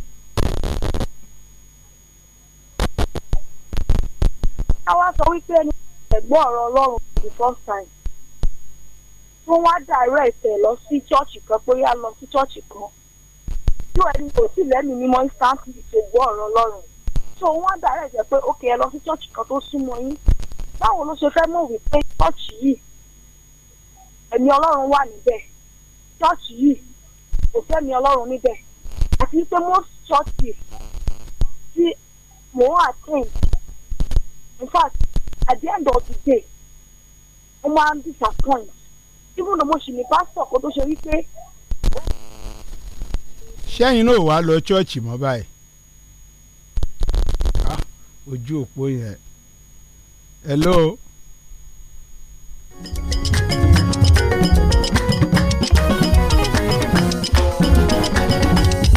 àwa sọ wípé ẹni ẹ̀gbọ́n ọ̀rọ̀ ọlọ́run the first time tó wá direct ẹ̀ lọ sí chọ́ọ̀chì kan pé yá lọ sí chọ́ọ̀chì kan tó ẹni kò sí lẹ́nu mímọ́ instantly tó gbọ́ ọ̀rọ̀ ọlọ́run tó wá direct ẹ̀ pé ókè ẹ lọ sí chọ́ọ̀chì kan tó súnmọ́ yín báwo ló ṣe fẹ́ mọ̀ wípé chọ́ọ̀chì yìí ẹ̀mí ọlọ́run wà níbẹ̀ chọ́ọ̀chì yìí kò fẹ́mi ọlọ́run níbẹ̀ àti pé most churches tí mò ń attend in fact at the end of the day wọ́n máa ń disappoint even though mo ṣì ní pásítọ̀ kó tó ṣe wípé. sẹ́yìn náà wàá lọ ṣọ́ọ̀ṣì mọ́ báyìí ojú òpó yẹn hello.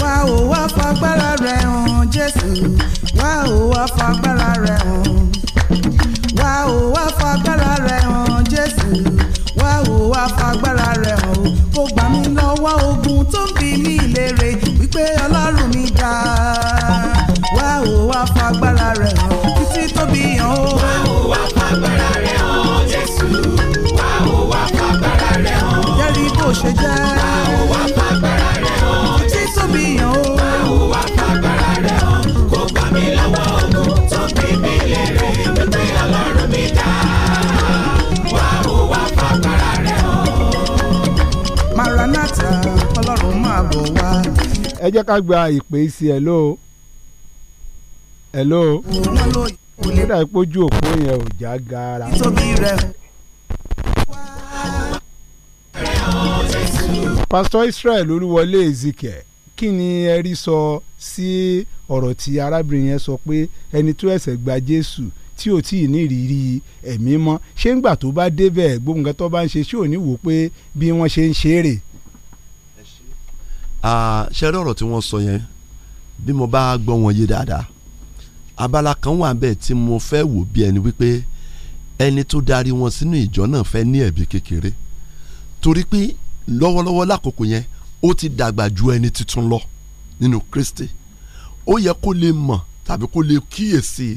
wá ò wá fagbára rẹ̀ hàn Jésù wá ò wá fagbára rẹ̀ hàn ò wá fagbára rẹ̀ hàn Jésù wá ò wá fagbára rẹ̀ hàn o kó gbà mí lọ́wọ́ ogun tó ń fi mí lére wípé ọlọ́run. jẹ́ ká gba ìpè sí ẹ̀ lóo ẹ̀ lóo ó dà pójú òpó yẹn ò já gaara. pásítọ̀ Israel Olúwọlé Ezike kí ni ẹ rí sọ sí ọ̀rọ̀ tí arábìnrin yẹn sọ pé ẹni tó ẹ̀sẹ̀ gba Jésù tí ò tí ì ní ìrírí ẹ̀mí mọ́ ṣé ńgbà tó bá débẹ̀ gbogbo nǹkan bá ń ṣe ṣé ò ní wò pé bí wọ́n ṣe ń ṣeré ṣẹ́rí ọ̀rọ̀ tí wọ́n sọ yẹn bí mo bá gbọ́ wọn yé dáadáa abala kan wà bẹ́ẹ̀ tí mo fẹ́ wò bí ẹni wípé ẹni tó darí wọn sínú ìjọ náà fẹ́ ní ẹ̀bí kékeré torí pé lọ́wọ́lọ́wọ́ lákòókò yẹn ó ti dàgbà ju ẹni tuntun lọ nínú Kristi ó yẹ kó lè mọ̀ tàbí kó lè kíyèsí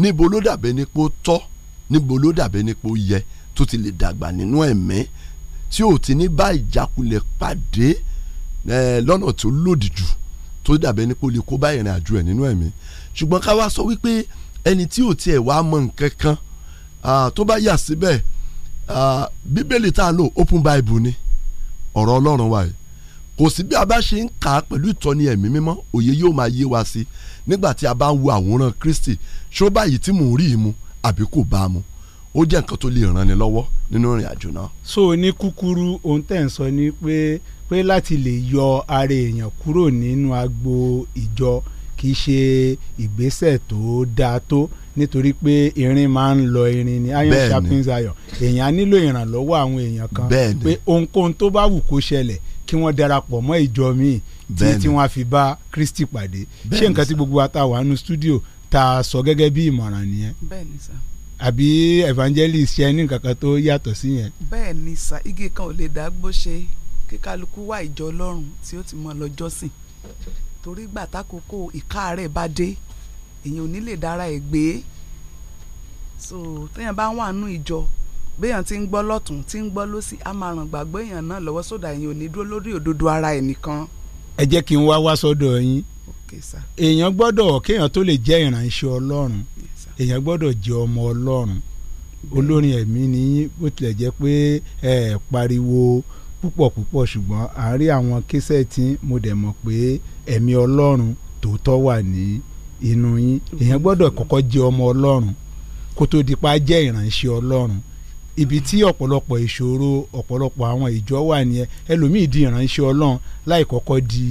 níbo ló dàbẹ́ ni pé ó tọ́ níbo ló dàbẹ́ ni pé ó yẹ tó ti lè dàgbà nínú ẹ̀mí tí ò ti ní bá ìjákulẹ̀ pàdé lọ́nà tó lòdì jù tó dàbẹ́ ní kó lè kó bá ìrìn àjò ẹ̀ nínú ẹ̀mí ṣùgbọ́n ká wá sọ wípé ẹni tí ò tiẹ̀ wá mọ nǹkan kan tó bá yà síbẹ̀ bíbélì tá a lò open bible ni ọ̀rọ̀ ọlọ́run wa yìí kò sí bí a bá ṣe ń kà á pẹ̀lú ìtọ́ni ẹ̀mí mímọ́ òye yóò máa yé wa sí nígbà tí a bá ń wo àwòrán Kristi ṣó báyìí tí mò ń rí i mu àbí kò bá a mu ó jẹ́ nǹkan tó lè ràn ni lọ́wọ́ nínú ìrìn àjò náà. so ní kúkúrú ohun tẹ̀ ń sọ ni pé pé láti lè yọ ara èèyàn kúrò nínú agbo ìjọ kì í ṣe ìgbésẹ̀ tó dáa tó nítorí pé irin máa ń lọ irin ni iron sharpens iron èèyàn á nílò ìrànlọ́wọ́ àwọn èèyàn kan pé ohunkóhun tó bá wù kó ṣẹlẹ̀ kí wọ́n darapọ̀ mọ́ ìjọ míì tí tí wọ́n á fi bá Kristi pàdé ṣé nǹkan tí gbogbo wa ta wà nínú stúdíò ta sọ gẹ́gẹ́ bí ìmọ̀ràn nìyẹn. bẹ́ẹ̀ ni sá àbí evangelist ṣe ní kankan tó yàtọ̀ sí yẹn. bẹ́ẹ̀ ni sà igi kan ò lè dágbó ṣe kí kálukú wá ìjọ ọlọ́run tí ó ti mọ lọ torí ìgbà tákòókò ìkáàárẹ̀ bá dé èèyàn ò ní lè dára ẹ̀ gbé so téèyàn bá wà nù ìjọ béèyàn ti ń gbọ́ lọ́tún ti ń gbọ́ lọ́sì á máa ràn gbàgbọ́ èèyàn náà lọ́wọ́ sódà èèyàn ò ní dúró lórí òdodo ara ẹ̀ nìkan. ẹ jẹ́ kí n wá wá sọ́dọ̀ yín èèyàn gbọ́dọ̀ kéèyàn tó lè jẹ́ ìrànṣẹ́ ọlọ́run èèyàn gbọ́dọ̀ jẹ́ ọmọ ọlọ́run olórin ẹ̀mí ni bó tilẹ̀ jẹ́ pé ẹ pariwo púpọ̀ púpọ̀ ṣùgbọ́n àárín àwọn késẹ́ẹ̀tì mo dẹ̀ mọ̀ pé ẹ̀mí ọlọ́run tòótọ́ wà ní inú yín èèyàn gbọ́dọ̀ kọ́kọ́ jẹ́ ọmọ ọlọ́run kó tó dipa jẹ́ ìránṣẹ́ ọlọ́run ibi tí ọ̀pọ̀lọpọ̀ ìṣòro ọ̀pọ̀lọpọ̀ àwọn ìjọ wà nìyẹn ẹlòmíì di ìránṣẹ́ ọlọ́run láì kọ́kọ́ di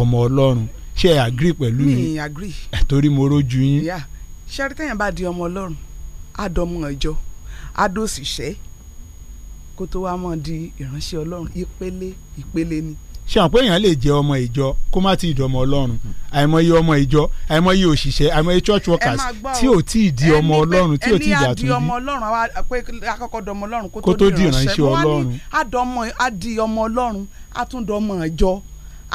ọmọ ọlọ́run ṣé ẹ agree pẹ̀lú mi torí mo rójú yín. Yeah ṣẹ́rí téèyàn bá di ọmọ ọlọ́run àdọ́mọ ìjọ àdòsìṣẹ́ kó tó wá mọ̀ di ìránṣẹ́ ọlọ́run ìpele ìpele ni. ṣé àwọn èèyàn lè jẹ ọmọ ìjọ kó má ti ìdọ̀mọ ọlọ́run àìmọye ọmọ ìjọ àìmọye òṣìṣẹ́ àìmọye church workers tí ò tí ì di ọmọ ọlọ́run tí ò tí ì dà tún di. ẹni àdi ọmọ ọlọ́run pé akọ́kọ́ dọmọ ọlọ́run kó tó di ìránṣẹ́ ọlọ́run. kó ní àdọmọ àdi ọmọ ọlọ́run á ìjọ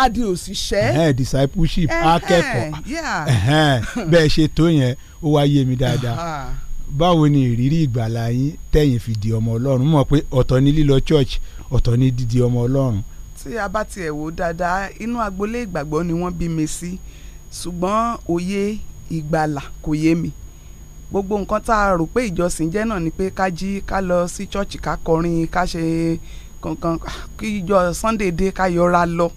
adi òṣìṣẹ́. discipleship akẹ́kọ̀ọ́ bẹ́ẹ̀ ṣe tó yẹn ó wá yé mi dáadáa báwo ni ìrírí ìgbàlà yín tẹ̀yìn fi di ọmọ ọlọ́run mọ̀ pé ọ̀tọ̀ ni lílọ church ọ̀tọ̀ ni dídi ọmọ ọlọ́run. tí a bá tiẹ̀ wò dáadáa inú agboolé ìgbàgbọ́ ni wọ́n bí mi sí ṣùgbọ́n òye ìgbàlà kò yé mi gbogbo nǹkan tá a rò pé ìjọsìn jẹ́ náà ni pé ká jí ká lọ sí church ká kọrin ká ṣe kankan kí ìjọ Sunday dé ká yọra lọ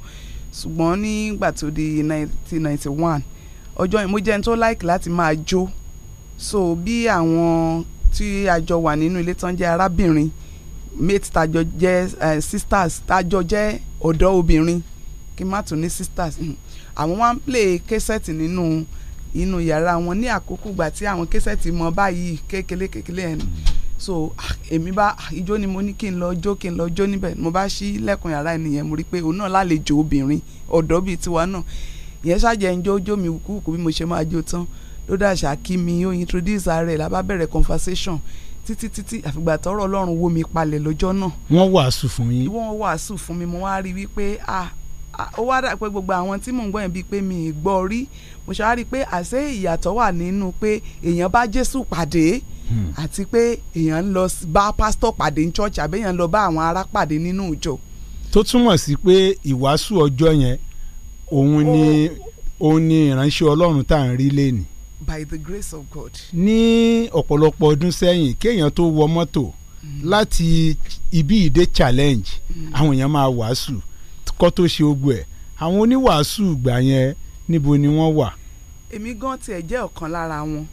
ṣùgbọ́n nígbà tó di 1991 ọjọ́ yìí mo jẹ́ ẹni tó láìkì láti máa jó so bí àwọn tí a jọ wà nínú ilé tán jẹ́ arábìnrin mate tajọ jẹ́ uh, sisters tajọ jẹ́ ọ̀dọ́ obìnrin kí n má tún ní sisters hmm. àwọn wá ń play késẹ́ẹ̀tì nínú inú yàrá wọn ní àkókò gbà tí àwọn késẹ́ẹ̀tì mọ báyìí kékeré kékeré ẹ̀ so ah, èmi bá ah, ijó ni mo ní kí n lọ jó kí n lọ jó níbẹ̀ mo bá ṣí lẹ́kùn yàrá ènìyàn mo rí i pé òun náà lálejò obìnrin ọ̀dọ́ bíi tiwa náà ìyẹn ṣàjẹ́ ń jó jó mi kúkú bí mo ṣe máa jó tán ló dàṣà kí mi ó introduce ara ẹ̀ lábá bẹ̀rẹ̀ conversation títí títí àfìgbà tọrọ Ọlọ́run wó mi palẹ̀ lọ́jọ́ náà. wọ́n wàásù fún yín. wọ́n wàásù fún mi mo wá rí wípé ah ó wá dà pé gbogbo àwọn tí mò ń gbọ́ yẹn bíi pé mi ì gbọ́ rí mo ṣàwárí pé àṣé ìyàtọ̀ wà nínú pé èèyàn bá Jésù pàdé. Hmm. àti pé èèyàn ń lọ bá pásítọ̀ pàdé ní church àbẹ́yàn lọ bá àwọn ará pàdé nínú ìjọ. tó túmọ̀ sí pé ìwàásù ọjọ́ yẹn òun ni òun ni ìránṣẹ́ ọlọ́run tá à ń rí lẹ́nu. by the grace of God. ní ọ̀pọ̀lọpọ̀ ọdún sẹ́yìn kéèyàn tó wọ mọ́tò hmm. láti ibi ìdè challenge hmm. àwọn èèyàn máa wàásù kó tó ṣe ogbó ẹ̀ àwọn oníwàásù ìgbà yẹn níbo ni wọ́n wà. èmi gan tiẹ̀ jẹ́ ọ̀kan lára wọn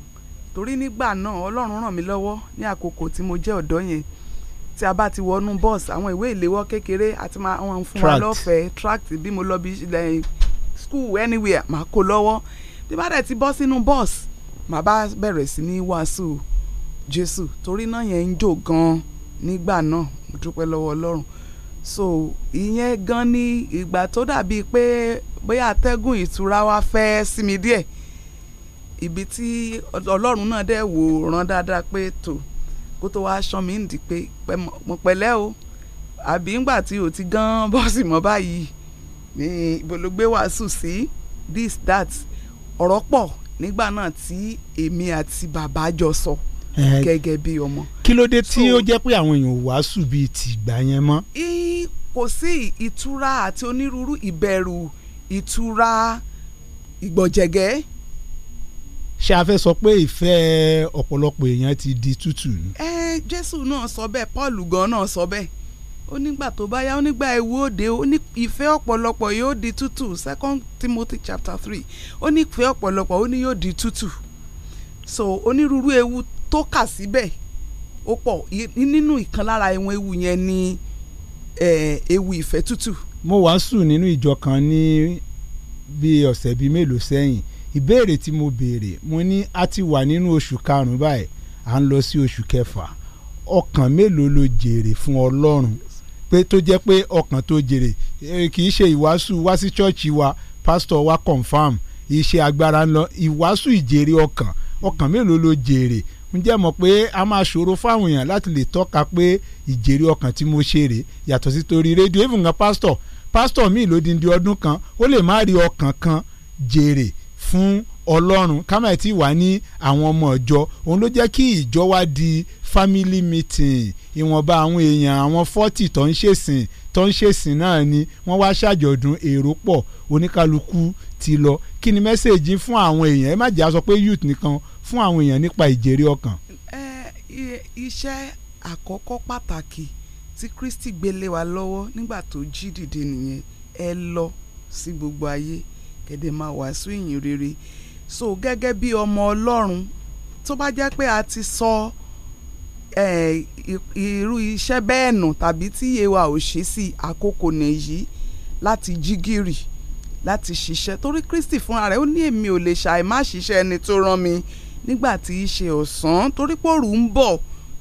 torí nígbà náà ọlọ́run ràn mí lọ́wọ́ ní àkókò tí mo jẹ́ ọ̀dọ́ yẹn tí a bá ti wọnú bọ́ọ̀sì àwọn ìwé ìléwọ́ kékeré àti wọn fún wa lọ́fẹ̀ẹ́ tract bí mo lọ bí eh, school anywhere màá kó lọ́wọ́ bí bá dẹ̀ ti bọ́ sínú bọ́ọ̀sì màá bá bẹ̀rẹ̀ sí ní wàásù Jésù torí náà yẹn ń jò gan nígbà náà mo dúpẹ́ lọ́wọ́ Ọlọ́run so ìyẹn gan ni ìgbà tó dàbí pé bóyá atẹ́gùn ìtura wa fẹ́ sí mi díẹ̀ ibi tí ọlọ́run náà dẹ̀ wò ràn dáadáa pé tó kó tó wáá ṣan mi ń di pé mo pẹ̀lẹ́ o àbí ńgbà tí o ti gán [LAUGHS] bọ́ọ̀sì mọ́ báyìí ní ìbòlógbé wàásù sí this that ọ̀rọ̀ pọ̀ nígbà náà tí èmi àti bàbá jọ sọ gẹ́gẹ́ bí ọmọ. kí ló dé tí ó jẹ́ pé àwọn èèyàn wàásù bíi tìgbà yẹn mọ́. kò sí ìtura àti onírúurú ìbẹ̀rù ìtura ìgbọ̀jẹ̀gẹ́ ṣé a fẹ́ sọ pé ìfẹ́ ọ̀pọ̀lọpọ̀ èèyàn ti di tútù ni. ẹ jésù náà sọ bẹ́ẹ̀ paul gan náà sọ bẹ́ẹ̀ ó nígbà tó bá yá ó nígbà ewu òde ó ní ìfẹ́ ọ̀pọ̀lọpọ̀ yóò di tútù second timothy chapter three ó ní ìfẹ́ ọ̀pọ̀lọpọ̀ ó ní yóò di tútù so onírúurú ewu tó kà síbẹ̀ ó pọ̀ nínú ìkan lára ìwọ̀n ewu yẹn ni ewu ìfẹ́ tútù. mo wàásù nínú ìjọ kan ní bíi ọ̀sẹ̀ bíi mélòó sẹ́yìn ìbéèrè tí mo béèrè mo ní a ti wà nínú oṣù karùn-ún báyìí à ń lọ sí oṣù kẹfà ọkàn mélòó ló jèrè fún ọlọ́run pé tó jẹ́ pé ọkàn tó jèrè kì í ṣe ìwàásù wá sí ṣọ́ọ̀ṣì wa pásítọ̀ wa confam iṣẹ́ agbára ńlọ ìwàásù ìjèrè ọkàn ọkàn mélòó ló jèrè ǹjẹ́ mọ̀ pé a máa ṣòro fáwọn èèyàn láti lè tọ́ka pé ìjèrè ọkàn tí mo ṣe rè yàtọ̀ sí torí rédíò even kan pásítọ̀ pásítọ̀ míì ló ọdún kan ó lè má rí ọkàn kan jèrè fún ọlọ́run kámá tí wà ní àwọn ọmọ ìjọ òun ló jẹ́ kí ìjọ wa di family meeting ìwọ̀nba àwọn èèyàn àwọn fọ́tì tó ń ṣèsìn tó ń ṣèsìn náà ni wọ́n wá ṣàjọ̀dún èrò pọ̀ oníkálukú ti lọ kí ni mẹ́sẹ̀gì fún àwọn èèyàn ẹ má jẹ́ àsọ pé youth nìkan fún àwọn èèyàn nípa ìjèrè ọkàn. iṣẹ́ àkọ́kọ́ pàtàkì tí Kristi gbélé wa lọ́wọ́ nígbà tó jí dìde nìyẹn ẹ lọ sí gbogbo ayé kẹ́dẹ̀ máa wàásù ìyìn rere so gẹ́gẹ́ bí ọmọ ọlọ́run tó bá jẹ́ pé a ti sọ irú iṣẹ́ bẹ́ẹ̀ nù tàbí tí iye wa ò ṣe sí àkókò nìyí láti jí gìrì láti ṣiṣẹ́ torí Kristi fúnra rẹ̀ ó ní èmi ò lè ṣàì má ṣiṣẹ́ ẹni tó rán mi nígbà tí í ṣe ọ̀sán torí pòrú ń bọ̀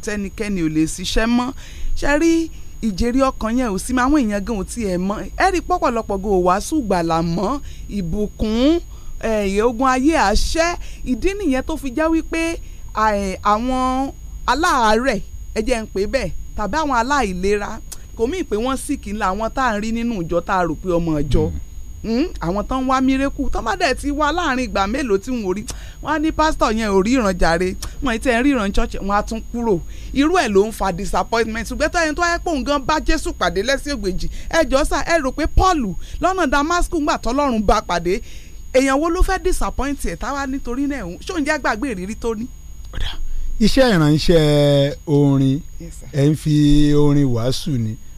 tẹnikẹ́ni ò lè ṣiṣẹ́ mọ́ ṣe rí ìjẹ́rí ọkàn yẹn ò sí máa àwọn èèyàn gan ò tiẹ̀ mọ́ ẹ rí pọ̀pọ̀lọpọ̀ gan ò wàásù gbàlà mọ́ ìbùkún ẹ̀yẹ ogun ayé àṣẹ ìdí nìyẹn tó fi já wípé àwọn aláàárẹ̀ ẹ jẹ́ ń pè bẹ́ẹ̀ tàbí àwọn aláìlera kò mí pé wọ́n sì kí n la àwọn tá à ń rí nínú ìjọ tá a rò pé ọmọ ìjọ. Mm -hmm Hmm? àwọn tán wá mírẹ́kù tán bá dẹ̀ ti wá láàrin ìgbà mélòó tí wọn ò rí wọn á ní pásítọ̀ yẹn ò rí ìrànjàre wọn ti ẹ̀ rí ìràn church wọn á tún kúrò irú ẹ̀ ló ń fa disappointment ṣùgbọ́n ẹni tó ẹ pòun gan bá Jésù pàdé lẹ́sìn ògbèjì ẹ sà ẹ rò pé Paul lọ́nà Damascus ńgbà tọ́lọ́run bá pàdé èèyàn wo ló fẹ́ disappoint ẹ̀ táwa nítorí náà ẹ̀ ń fi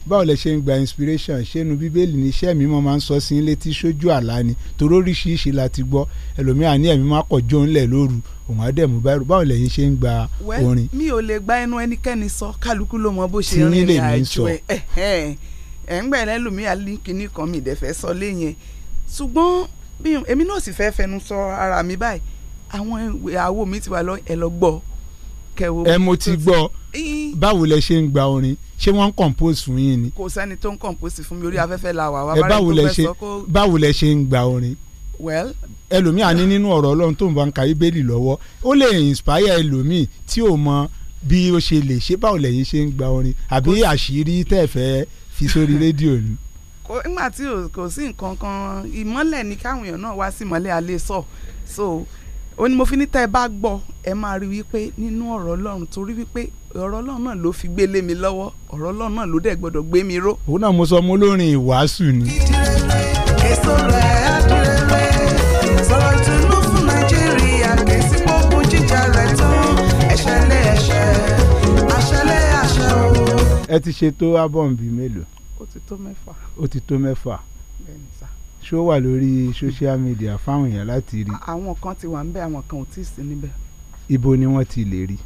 báwo lẹ ṣe ń gba inspiration ṣé nu bíbélì ni iṣẹ́ mi mọ́ máa ń sọ sí létí sójú àlá ni torí oríṣiríṣi la ti gbọ́ ẹlòmíràn ní ẹ̀mí máa kọ̀ jó ńlẹ̀ lóru òun àdẹ̀mú báyìí báwo lẹ̀yin ṣe ń gba orin. mi ò lè gba ẹnu ẹnikẹ́ni sọ kálukú ló mọ bó ṣe rìn ìrìn àjò ẹ̀ ẹ̀ ń gbẹ̀rẹ̀ ẹlòmíràn ní kinní kan mi ìdẹ̀fẹ́ sọ léyìn ṣùgbọ́n èmi náà sì fẹ́ fẹnu sọ ara mi báyìí àwọn àwo mi ti wà lọ ẹ lọ gbọ́ kẹwo. ẹ mo ti gbọ́ báwo lẹ ṣe ń gba orin ṣé wọ́n ń compose fún yín ni. kò sẹ́ni tó ń compose fún mi orí afẹ́fẹ́ la wà wá bára tó fẹ́ sọ kó. báwo lẹ ṣe ń gba orin. well. ẹlòmíà ní nínú ọ̀rọ̀ ọlọ́run tó ń bá ń ka bíbélì lọ́wọ́ ó lè inspire ẹlòmíì tí ò mọ bí ó ṣe lè ṣe báwo lẹ̀yin ṣe ń gba orin àbí àṣírí tẹ̀ fẹ́ fi sórí rédíò ni kò ńgbà tí kò sí nǹkan kan ìmọ́lẹ̀ ní káwọn èèyàn náà wá sí ìmọ́lẹ̀ alẹ́ sọ so ó ní mo fi ní tá ẹ bá gbọ́ ẹ máa rí wípé nínú ọ̀rọ̀ Ọlọ́run torí wípé ọ̀rọ̀ Ọlọ́run náà ló fi gbélé mi lọ́wọ́ ọ̀rọ̀ Ọlọ́run náà ló dẹ̀ gbọ́dọ̀ gbé mi ró. òun náà mo sọ mo lórin ìwàásù ni. ẹ ti ṣètò abọ́ǹbì mélòó. ó ti tó mẹ́fà. ó ti tó mẹ́fà ṣó wà lórí social media fáwọn èèyàn láti rí. àwọn kan ti wà ń bẹ àwọn kan ò tí ì sí níbẹ̀. ibo ni wọ́n ti lè rí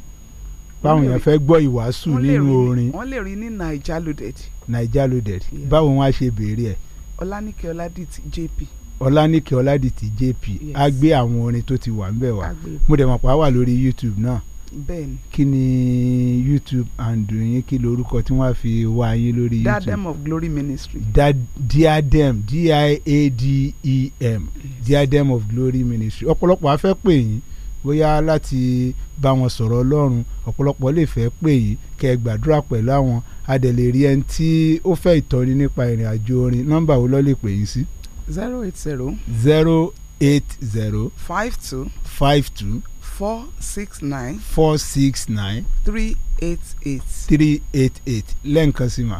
báwọn èèyàn fẹ́ gbọ́ ìwàásù nínú orin. wọ́n lè rí ní naija loaded. naija loaded báwo wọn á ṣe béèrè ẹ̀. ọlánìkẹ́ ọládìtì jp. ọlánìkẹ́ ọládìtì jp á gbé àwọn orin tó ti wà ń bẹ̀ wá e. mo dẹ̀ mọ̀ pa wà lórí youtube náà bẹ́ẹ̀ni. kí ni youtube and yín kí lorúkọ tí wọ́n á fi wá yín lórí youtube. diadem of glory ministry. diadem d-i-a-d-e-m diadem of glory ministry ọ̀pọ̀lọpọ̀ á fẹ́ pè yín bóyá láti bá wọn sọ̀rọ̀ ọlọ́run ọ̀pọ̀lọpọ̀ lè fẹ́ pè yín kẹ́ ẹ gbàdúrà pẹ̀lú àwọn adẹ̀lẹ̀ rí ẹni tí ó fẹ́ ìtọ́ni nípa ìrìn àjò orin nọ́mbà wo ló lè pè yín sí. zero eight zero. zero eight zero. five two. five two four six nine. four six nine. three eight eight. three eight eight lẹ́ǹkan sí ma.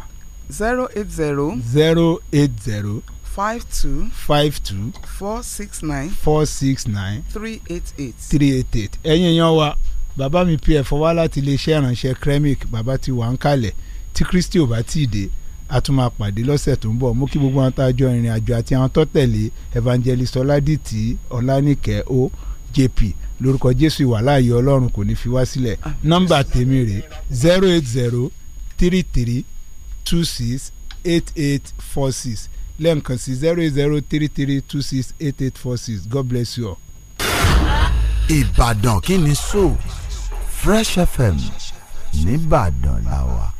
zero eight zero. zero eight zero. five two. five two. four six nine. four six nine. three eight eight. three eight eight ẹ̀yin èèyàn wa bàbá mi pf wá láti iléeṣẹ́ ìrànṣẹ́ kremik bàbá ti wà ń kalẹ̀ tí kristi ò bá tí ì dé a tún máa pàdé lọ́sẹ̀ tó ń bọ̀ mú kí gbogbo àwọn tá a jọ ìrìn àjò àti àwọn tó evangelist ọládìtì ọlánìkẹ́ o. Oh jp lórúkọ jésù ìwà láàyè ọlọ́run kò ní fi wá sílẹ̀ nọ́mbà tèmi rèé zero eight zero three three two six eight eight four six lẹ́ǹkan sí zero eight zero three three two six eight eight four six god bless you all. ìbàdàn kí ni so fresh fm nìbàdàn làwà.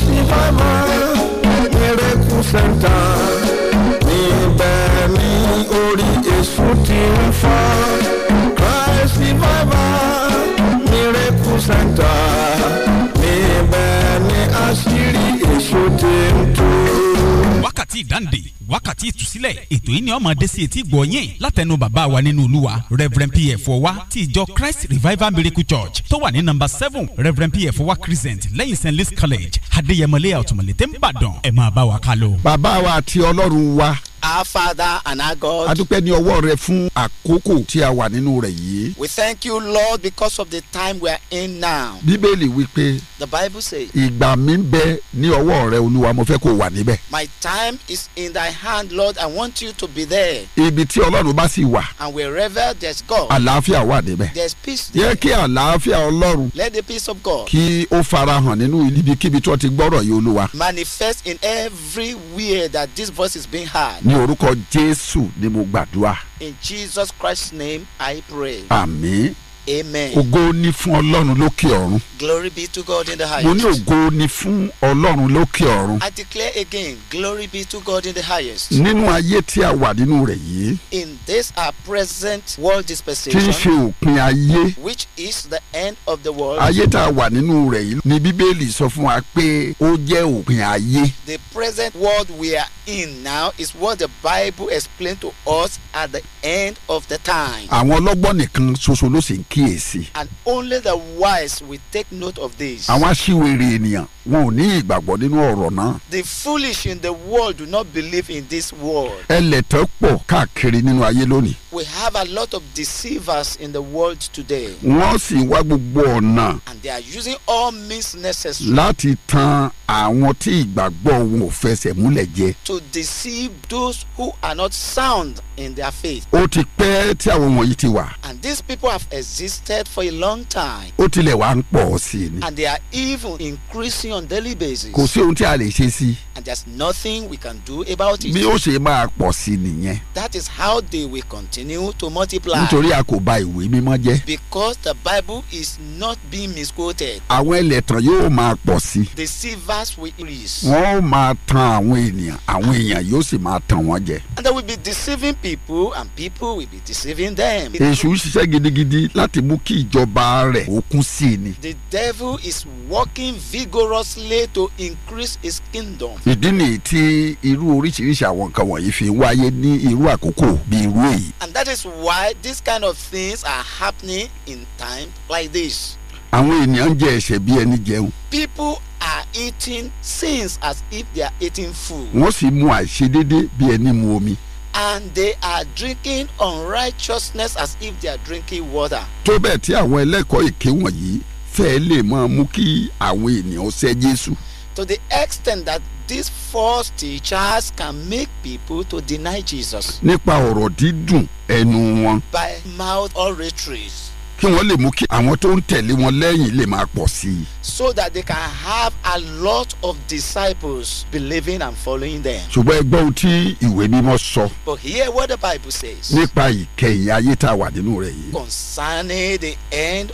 mercy mama miracle center níbẹ̀ ní orí èṣù ti ń fọ́ christ revival miracle center níbẹ̀ ní àṣírí èṣù ti ń tú wákàtí ìdáǹdè wákàtí ìtúsílẹ̀ ètò yìí ni ó máa dé sí etí gbọ̀ yín látẹnu bàbá wa nínú olúwa reverend pf ọwa ti ìjọ christ revival miracle church tó wà ní number seven reverend pf ọwa crescent lẹ́yìn st louis college adéyẹmọlẹ́yà ọ̀tùmọ̀lẹ́tẹ̀ ń bàdàn ẹ máa bá wa ká bàbá wa àti ọlọ́run wa our father and our God. adúpẹ́ ní ọwọ́ rẹ fún àkókò tí a wà nínú rẹ̀ yìí. we thank you lord because of the time we are in now. bíbélì the bible says. ìgbà mi ń bẹ ní ọwọ́ rẹ olúwa mo fẹ́ kó wà níbẹ̀. my time is in thy hand lord i want you to be there. ibi tí ọlọ́run bá sì wà. and wherever there is God. àlàáfíà wà níbẹ̀. there is peace there. yẹ kí àlàáfíà ọlọ́run. let the peace of God. kí ó farahàn nínú ibikíbi tí wọ́n ti gbọ́rọ̀ yìí olúwa. manifest in every way that this voice is being heard. ní orúkọ Jésù ni mo gbàdúrà. In Jesus Christ's name I pray. Àmín. Amen. Ògo ni fún Ọlọ́run lókè ọ̀run. Glory be to God in the highest. Mo ní ògo ni fún Ọlọ́run lókè ọ̀run. I declare again, glory be to God in the highest. Nínú ayé tí a wà nínú rẹ̀ yìí. In this our present world dispensation. ṣe òpin ayé. Which is the end of the world. Ayé tá a wà nínú rẹ̀ yìí ni Bíbélì sọ fún wa pé ó jẹ́ òpin ayé. The present world we are in now is what the Bible explained to us at the end of the time. Àwọn ọlọ́gbọ́n nìkan ṣoṣo ló sì ń kí kíyèsí. and only the wise will take note of this. àwọn aṣiwèrè ènìyàn wọn ò ní ìgbàgbọ́ nínú ọ̀rọ̀ náà. the foolish in the world do not believe in this world. pọ̀ káàkiri nínú ayé lónìí. we have a lot of deceivers in the world today. wọ́n sì wá gbogbo ọ̀nà. and they are using all means necessary. láti tan àwọn tí ìgbàgbọ́ wọn ò fẹsẹ̀ múlẹ̀ jẹ. to deceive those who are not sound in their faith. ó ti pẹ́ tí àwọn wọ̀nyí ti wà. and these people have existed for a long time. ó tilẹ̀ wá ń pọ̀ sí i ni. and they are even increasing on daily basis. kò sí ohun tí a lè ṣe sí. and there is nothing we can do about it. bí ó ṣe máa pọ̀ sí nìyẹn. that is how they will continue to multiply. nítorí a kò bà ìwé mímọ́ jẹ́. because the bible is not being misquoted. àwọn ẹlẹ́tàn yóò máa pọ̀ sí. the deceivers will increase. wọ́n máa tan àwọn ènìyàn àwọn èèyàn yóò sì máa tan wọ́n jẹ. and they will be deceiving people and people will be deceiving them. èṣù ṣiṣẹ́ gidigidi láti mú kí ìjọba rẹ̀ ó sí i ni. the devil is working vigorously. purposely to increase his kingdom. ìdí nìyí tí irú oríṣiríṣi àwọn nǹkan wọ̀nyí fi wáyé ní irú àkókò irú èyí. and that is why these kind of things are happening in time like this. àwọn ènìyàn ń jẹ ẹ̀ṣẹ̀ bí ẹni jẹun. people are eating sins as if they are eating food. wọ́n sì mu bí ẹni mu omi. and they are drinking unrighteousness as if they are drinking water. tó bẹ́ẹ̀ tí àwọn ẹlẹ́kọ̀ọ́ wọ̀nyí fẹ́ẹ́ lè máa mú kí àwọn ènìyàn ṣẹ̀ Jésù. To the extent that these false teachers can make people to deny Jesus. nípa ọ̀rọ̀ dídùn ẹnu wọn. by mouth oratories. kí wọ́n lè mú kí àwọn tó ń tẹ̀lé wọn lẹ́yìn lè máa pọ̀ sí i. so that they can have a lot of disciples believing and following them. ṣùgbọ́n ohun tí ìwé mímọ́ sọ. but hear what the Bible says. nípa ìkẹyìn ayé tá a wà nínú rẹ̀ yìí. concerning the end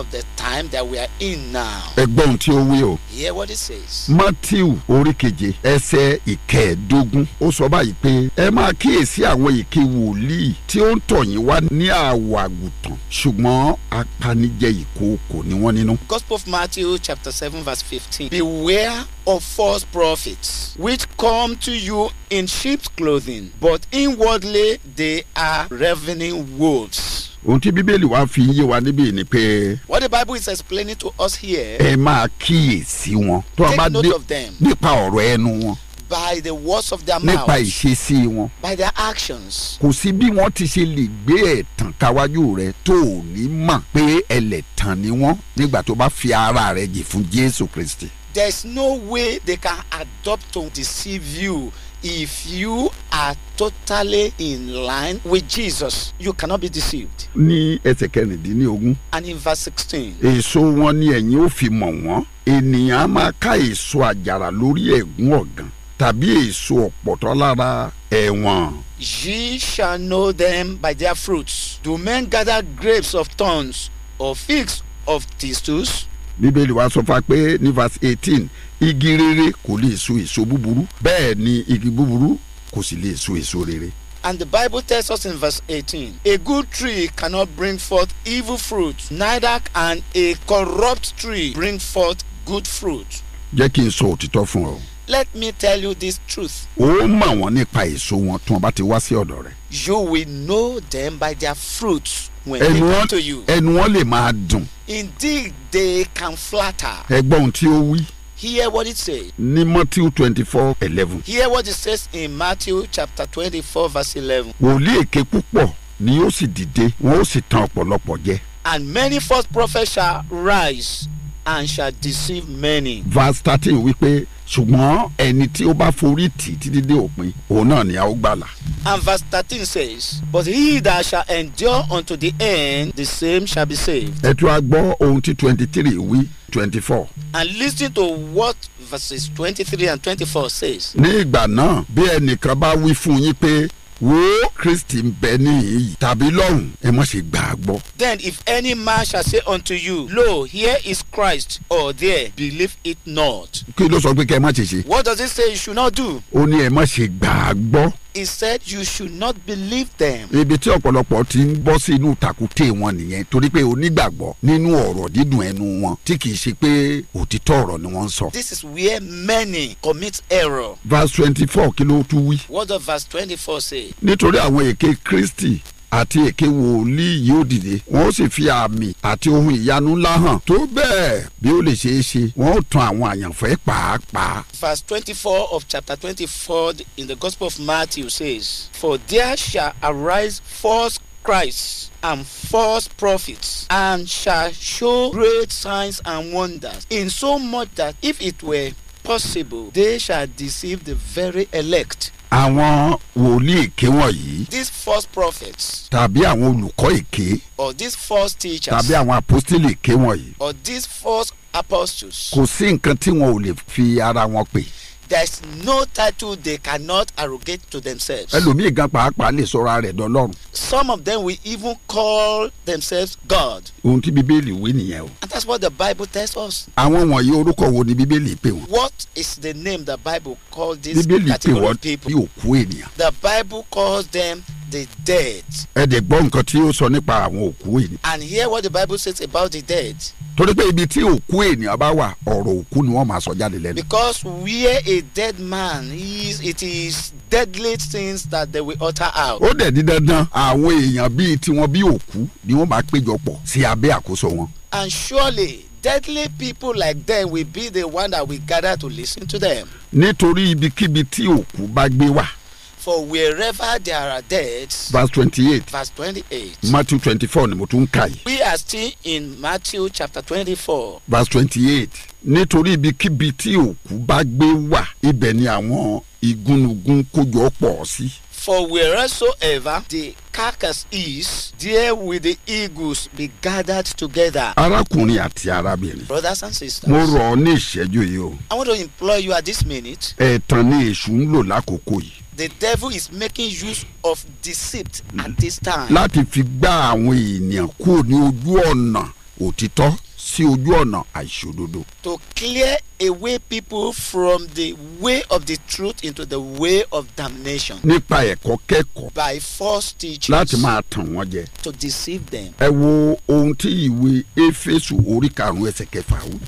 of the time that we are in now. ẹgbọ́n tí ó wí o. hear what it says. matthew orí keje ẹsẹ̀ ìkẹẹ̀dógún ó sọ báyìí pé ẹ máa kíyèsí àwọn èké wòlíì tí ó ń tọ̀ yín wá ní àwọ̀ àgùntàn apanijẹ ìkookò ni wọ́n nínú. gospel of matthew chapter seven verse fifteen beware of false prophets which come to you in sheep's clothing but inwardly they are ravening wolves. ohun tí bíbélì wá fi ń yé wa fi ye wa nibi ni pé. what the bible Bible is explaining to us here. Ẹ máa kíyèsí wọn. nípa ọ̀rọ̀ ẹnu wọn. By the words of their mouth. Nípa ìṣesí wọn. By their actions. Kò sí bí wọ́n ti ṣe lè gbé ẹ̀tàn káwájú rẹ̀ tó o ní mọ̀ pé ẹlẹ́tàn ni wọ́n nígbà tó bá fi ara rẹ̀ jì fún Jésù Kristi. There is no way they can adopt to deceive you if you are totally in line with Jesus you cannot be deceived. ní ẹsẹ̀ kẹrìndínlógún. and in verse sixteen. èso wọn ni ẹ̀yin ó fi mọ̀ wọ́n ènìyàn máa ká èso àjàrà lórí ẹ̀gún ọ̀gàn tàbí èso ọ̀pọ̀tọ́ lára ẹ̀wọ̀n. ye shall know them by their fruits. do men gather grapes of thorns or figs of thistles. bíbélì wa sọ fún wa pé ní verse eighteen igi rere kò lè so èso búburú bẹ́ẹ̀ ni igi búburú kò sì lè so èso rere. And the Bible tells us in verse 18 A good tree cannot bring forth evil fruit, neither can a corrupt tree bring forth good fruit. Jẹ́ kí n sọ òtítọ́ fún ọ. Let me tell you this truth. Ó mọ̀ wọ́n nípa èso wọn tí wọ́n bá ti wá sí ọ̀dọ̀ rẹ̀. You will know them by their fruits when they come to you. Ẹnu wọn lè máa dùn. Indeed, they can flatter. Egbon gbọ́ tí ó wí. Hear what it says. Ní Matthew twenty-four eleven. Hear what it says in Matthew chapter twenty-four verse eleven. Wòlíì èké púpọ̀ ni yóò sì dìde, wọ́n ó sì tan ọ̀pọ̀lọpọ̀ jẹ. And many false prophets shall rise and shall deceive many. verse thirteen wípé ṣùgbọ́n ẹni tí ó bá forí tì títí dé òpin òun náà ni a ó gbàlà. and verse thirteen says but he that shall endure unto the end the same shall be saved. ẹ tún á gbọ́ ohun tí twenty three wí twenty four. and lis ten to what verses twenty three and twenty four says. ní ìgbà náà bí ẹnìkan bá wí fún yín pé wo kristi ń bẹ tàbí lọ́run ẹ má ṣe gbà á gbọ́. then if any man shall say unto you lo here is christ or there believe it not. kí ló sọ pé kẹ́ ẹ má ṣe ṣe. what does it say you should not do. ó ní ẹ má ṣe gbà á gbọ́. he said you should not believe them. ibi tí ọ̀pọ̀lọpọ̀ ti ń bọ́ sí wọn nìyẹn torí pé onígbàgbọ́ nínú ọ̀rọ̀ dídùn ẹnu wọn tí ṣe pé òtítọ́ ọ̀rọ̀ ni wọ́n ń sọ. this is where many commit error. verse twenty-four kí ló tún wí. what does verse twenty-four say. nítorí àwọn àwọn èké Kristi àti èké wòlíì yóò dìde wọn ó sì fi àmì àti ohun ìyanu ńlá hàn tó bẹ́ẹ̀ bí ó lè ṣeé ṣe wọn ó tan àwọn àyànfẹ́ pàápàá. verse twenty-four of chapter twenty-four in the gospel of Matthew says for there shall arise false Christ and false prophets and shall show great signs and wonders in so much that if it were possible they shall deceive the very elect àwọn wòlíì èké wọ̀nyí. these false prophets. tàbí àwọn olùkọ́ èké. or these false teachers. tàbí àwọn apostoli èké wọ̀nyí. or these false apostles. kò sí nǹkan tí wọn ò lè fi ara wọn pè. there is no title they cannot arrogate to themselves. ẹlòmíì gan pàápàá lè sọra rẹ̀ dọ́lọ́run. some of them will even call themselves God. ohun tí bíbélì wí nìyẹn o. and that's what the bible tells us. àwọn wọ̀nyí orúkọ wo ni bíbélì pè wọ́n. what is the name the bible calls this bíbélì category of people. bíbélì pè wọ́n bí òkú ènìyàn. the bible calls them the dead. ẹ dẹ̀ gbọ́ nǹkan tí ó sọ nípa àwọn òkú yìí. and hear what the bible says about the dead. torí pé ibi tí òkú ènìyàn bá wà ọ̀rọ̀ òkú ni wọ́n máa sọ jáde lẹ́nu. because where a dead man is it is deadly things that they will utter out. ó dẹ̀ di dandan àwọn èèyàn bíi tiwọn òkú ni wọ́n máa sí abẹ́ àkóso wọn. and surely deadly people like them will be the one that we gather to listen to them. nítorí ibikíbi tí òkú bá gbé wà for wherever there are dead, verse twenty-eight. verse twenty-eight. matthew twenty-four ni mo tún kà yìí. we are still in matthew chapter twenty-four. verse twenty-eight nítorí ibikíbi tí òkú bá gbé wà ibẹ̀ ni àwọn igúnnugún kójọ pọ̀ sí. For wheresoever the carcass is, there will the eagles be gathered together. Arákùnrin àti arábìnrin. Brothers and sisters. Mo rọ̀ ọ́ ní ìṣẹ́jú yìí o. I want to employ you at this minute. Ẹ̀tàn ni èṣù ń lò lákòókò yìí the devil is making use of deceit at this time. láti fi gbá àwọn ènìyàn kúrò ní ojú ọ̀nà òtítọ́ sí ojú ọ̀nà àìṣòdodo. to clear away people from the way of the truth into the way of damnation. nípa ẹ̀kọ́ kẹ́kọ̀ọ́. by false teachings. láti máa tàn wọ́n jẹ. to deceive them. ẹ wo ohun tí ìwé éfésù orí karùn-ún ẹsẹ̀ kẹfà wù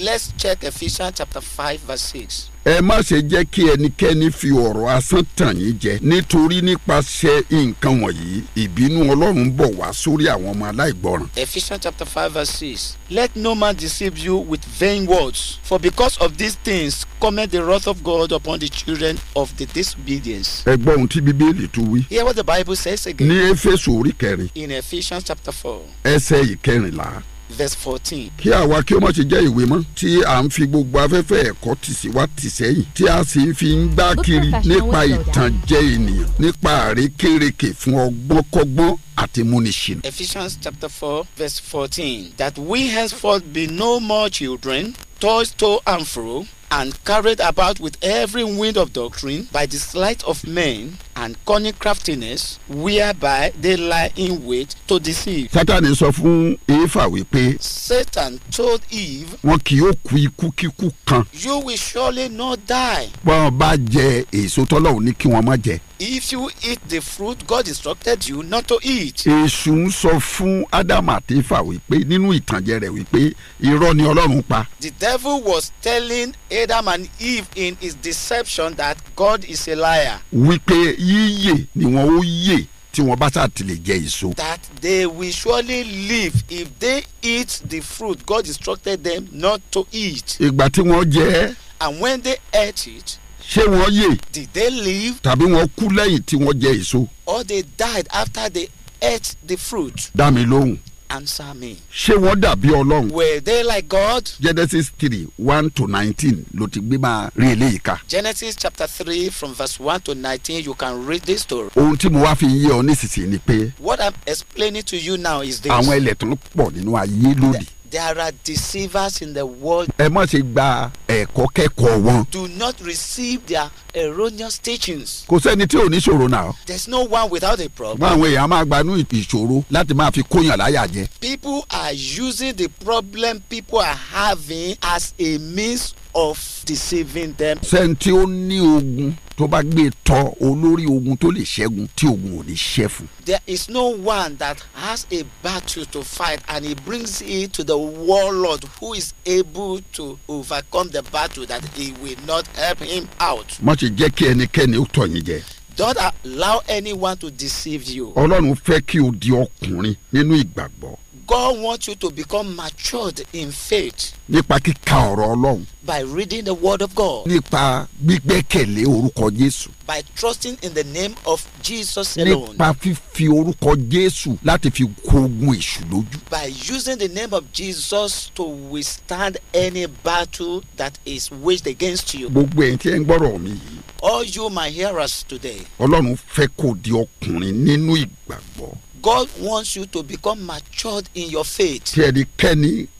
let's check Ephesians chapter five verse six. ẹ má ṣe jẹ́ kí ẹnikẹ́ni fi ọ̀rọ̀ asán tàn yín jẹ nítorí nípasẹ̀ nǹkan wọ̀nyí ìbínú Ọlọ́run bọ̀ wá sórí àwọn ọmọ aláìgbọràn. Ephesians chapter five verse six let no man deceive you with vain words for because of these things cometh the wrath of God upon the children of the disobedience. ẹ gbọ́ ohun tí bíbélì tún wí. hear what the Bible says again. ní Éfésù orí kẹrin. in Ephesians chapter four. ẹsẹ̀ ìkẹrìnlá verse fourteen. kí àwa kí ó má ṣe jẹ́ ìwé mọ́ tí à ń fi gbogbo afẹ́fẹ́ ẹ̀kọ́ tì sí wa tì sẹ́yìn tí a sì fi ń gbá kiri nípa ìtànjẹ ènìyàn nípa àrékérekè fún ọgbọ́nkọ́gbọ́n àti múnisìn. Ephesians chapter four verse fourteen that we henceforth be no more children tossed to and fro and carried about with every wind of doctrine by the sleight of men and cunning craftiness whereby they lie in wait to deceive. sátani sọ fún éfà wípé. satan told eve. wọn kì yóò kú ikúkíkú kan. you will surely not die. bọ́n bá jẹ èso tọ́lọ́hún ní kí wọ́n má jẹ if you eat the fruit God instructed you not to eat. èṣù ń sọ fún ádámù àti ifá wípé nínú ìtànjẹ rẹ̀ wípé irọ́ ni ọlọ́run pa. the devil was telling adam and eve in his deception that God is a liar. wípé yíyè ni wọn ó yè tí wọn bá ṣáà ti won ba èso. that they will surely live if they eat the fruit God instructed them not to eat. ìgbà tí wọ́n jẹ. and when they ate it ṣé wọ́n yè. did they live. tàbí wọ́n kú lẹ́yìn tí wọ́n jẹ èso. or they died after they ate the fruit. dá mi lóhùn. answer me. ṣé wọ́n dàbí ọlọ́run. were they like God. genesis three one to nineteen ló ti gbé máa rí eléyìí ká. genesis chapter three from verse one to nineteen you can read this story. ohun tí mo wá fi yé ọ nísinsìnyí ni pé. what i'm explaining to you now is this. àwọn pọ̀ nínú ayé lónìí there are deceivers in the world. ẹ gba ẹ̀kọ́ kẹ́kọ̀ọ́ wọn. do not receive their erroneous teachings. kò sẹ́ni tí ò ní ṣòro náà. there is no one without a problem. báwọn èèyàn máa gbanú ìṣòro láti máa fi kóyàn láyà jẹ. people are using the problem people are having as a means of deceiving them. tí ó ní ogun tó bá gbé tọ olórí ogun tó lè ṣẹ́gun tí ogun ò ní ṣẹ́ fún. there is no one that has a battle to fight and he brings it to the warlord who is able to overcome the battle that he will not help him out. má ṣe jẹ́ kí ẹnikẹ́ni ó tọ̀ yín jẹ. Don't allow anyone to deceive you. Ọlọ́run fẹ́ kí o di ọkùnrin nínú ìgbàgbọ́. God wants you to become matured in faith. nípa kíka ọ̀rọ̀ ọlọ́run. by reading the word of God. nípa gbígbẹ́kẹ̀lé orúkọ Jésù. by trusting in the name of Jesus alone. nípa fífi orúkọ Jésù láti fi kógun èṣù lójú. by using the name of Jesus to withstand any battle that is waged against you. gbogbo ẹ̀yin tí ẹ ń gbọ́rọ̀ mi yìí. all you my hearers today. ọlọ́run fẹ́ kó di ọkùnrin nínú ìgbàgbọ́. God wants you to become matured in your faith. tí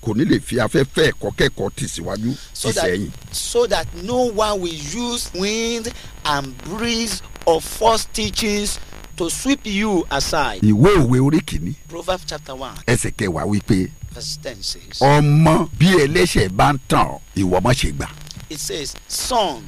kò ní lè fi afẹ́fẹ́ ẹ̀kọ́ kẹ́kọ̀ọ́ tì síwájú tì sẹ́yìn. so that no one will use wind and breeze or false teachings to sweep you aside. ìwé òwe orí kìíní. proverbs chapter one. ẹsẹ̀ kẹwàá wípé. verse ten says. ọmọ bí ẹlẹ́ṣẹ̀ bá ń tàn ìwọ má ṣe gbà. it says son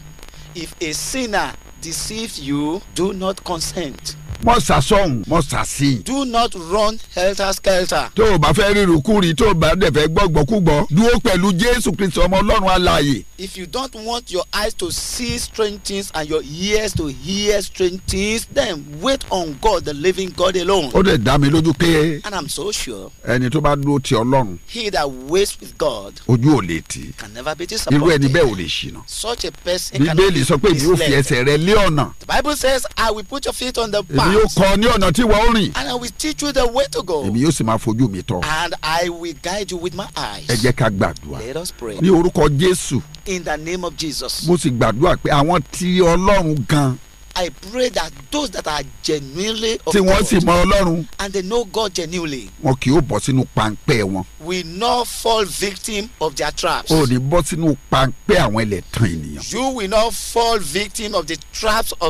if a sinner deceives you do not consent. mọ́sà sọ̀hún mọ́sà sí. do not run helter skelter. tó o bá fẹ́ ríru kúri tó o bá dẹ̀ fẹ́ gbọ́gbọ́ dúró pẹ̀lú jésù kristu ọmọ ọlọ́run alààyè. if you don't want your eyes to see strange things and your ears to hear strange things then wait on God the living God alone. ó dẹ̀ dá mi lójú pé. and I'm so sure. ẹni tó bá dúró ti ọlọ́run. he that waits with God. ojú ò lè tì. can never be disappointed. irú ẹni bẹ́ẹ̀ ò lè ṣìnà. such a person cannot be misled. bíbélì sọ pé mi ò fi ẹsẹ̀ rẹ lé ọ̀nà. the bible says I will put your feet on the path. èmi yóò kọ́ ní ọ̀nà tí wọ́n rìn. and I will teach you the way to go. èmi yóò sì máa fojú mi tọ́. and I will guide you with my eyes. ẹ jẹ́ ká gbàdúrà. let us pray. ní orúkọ Jésù. in the name of Jesus. mo sì gbàdúrà pé àwọn tí Ọlọ́run gan. I pray that those that are genuinely of God. tí wọ́n sì mọ Ọlọ́run. and they know God genuinely. wọn kì bọ́ sínú pańpẹ́ wọn. will not fall victim of their traps. o ní bọ́ sínú pańpẹ́ àwọn ẹlẹ́tàn ènìyàn. you will not fall victim of the traps of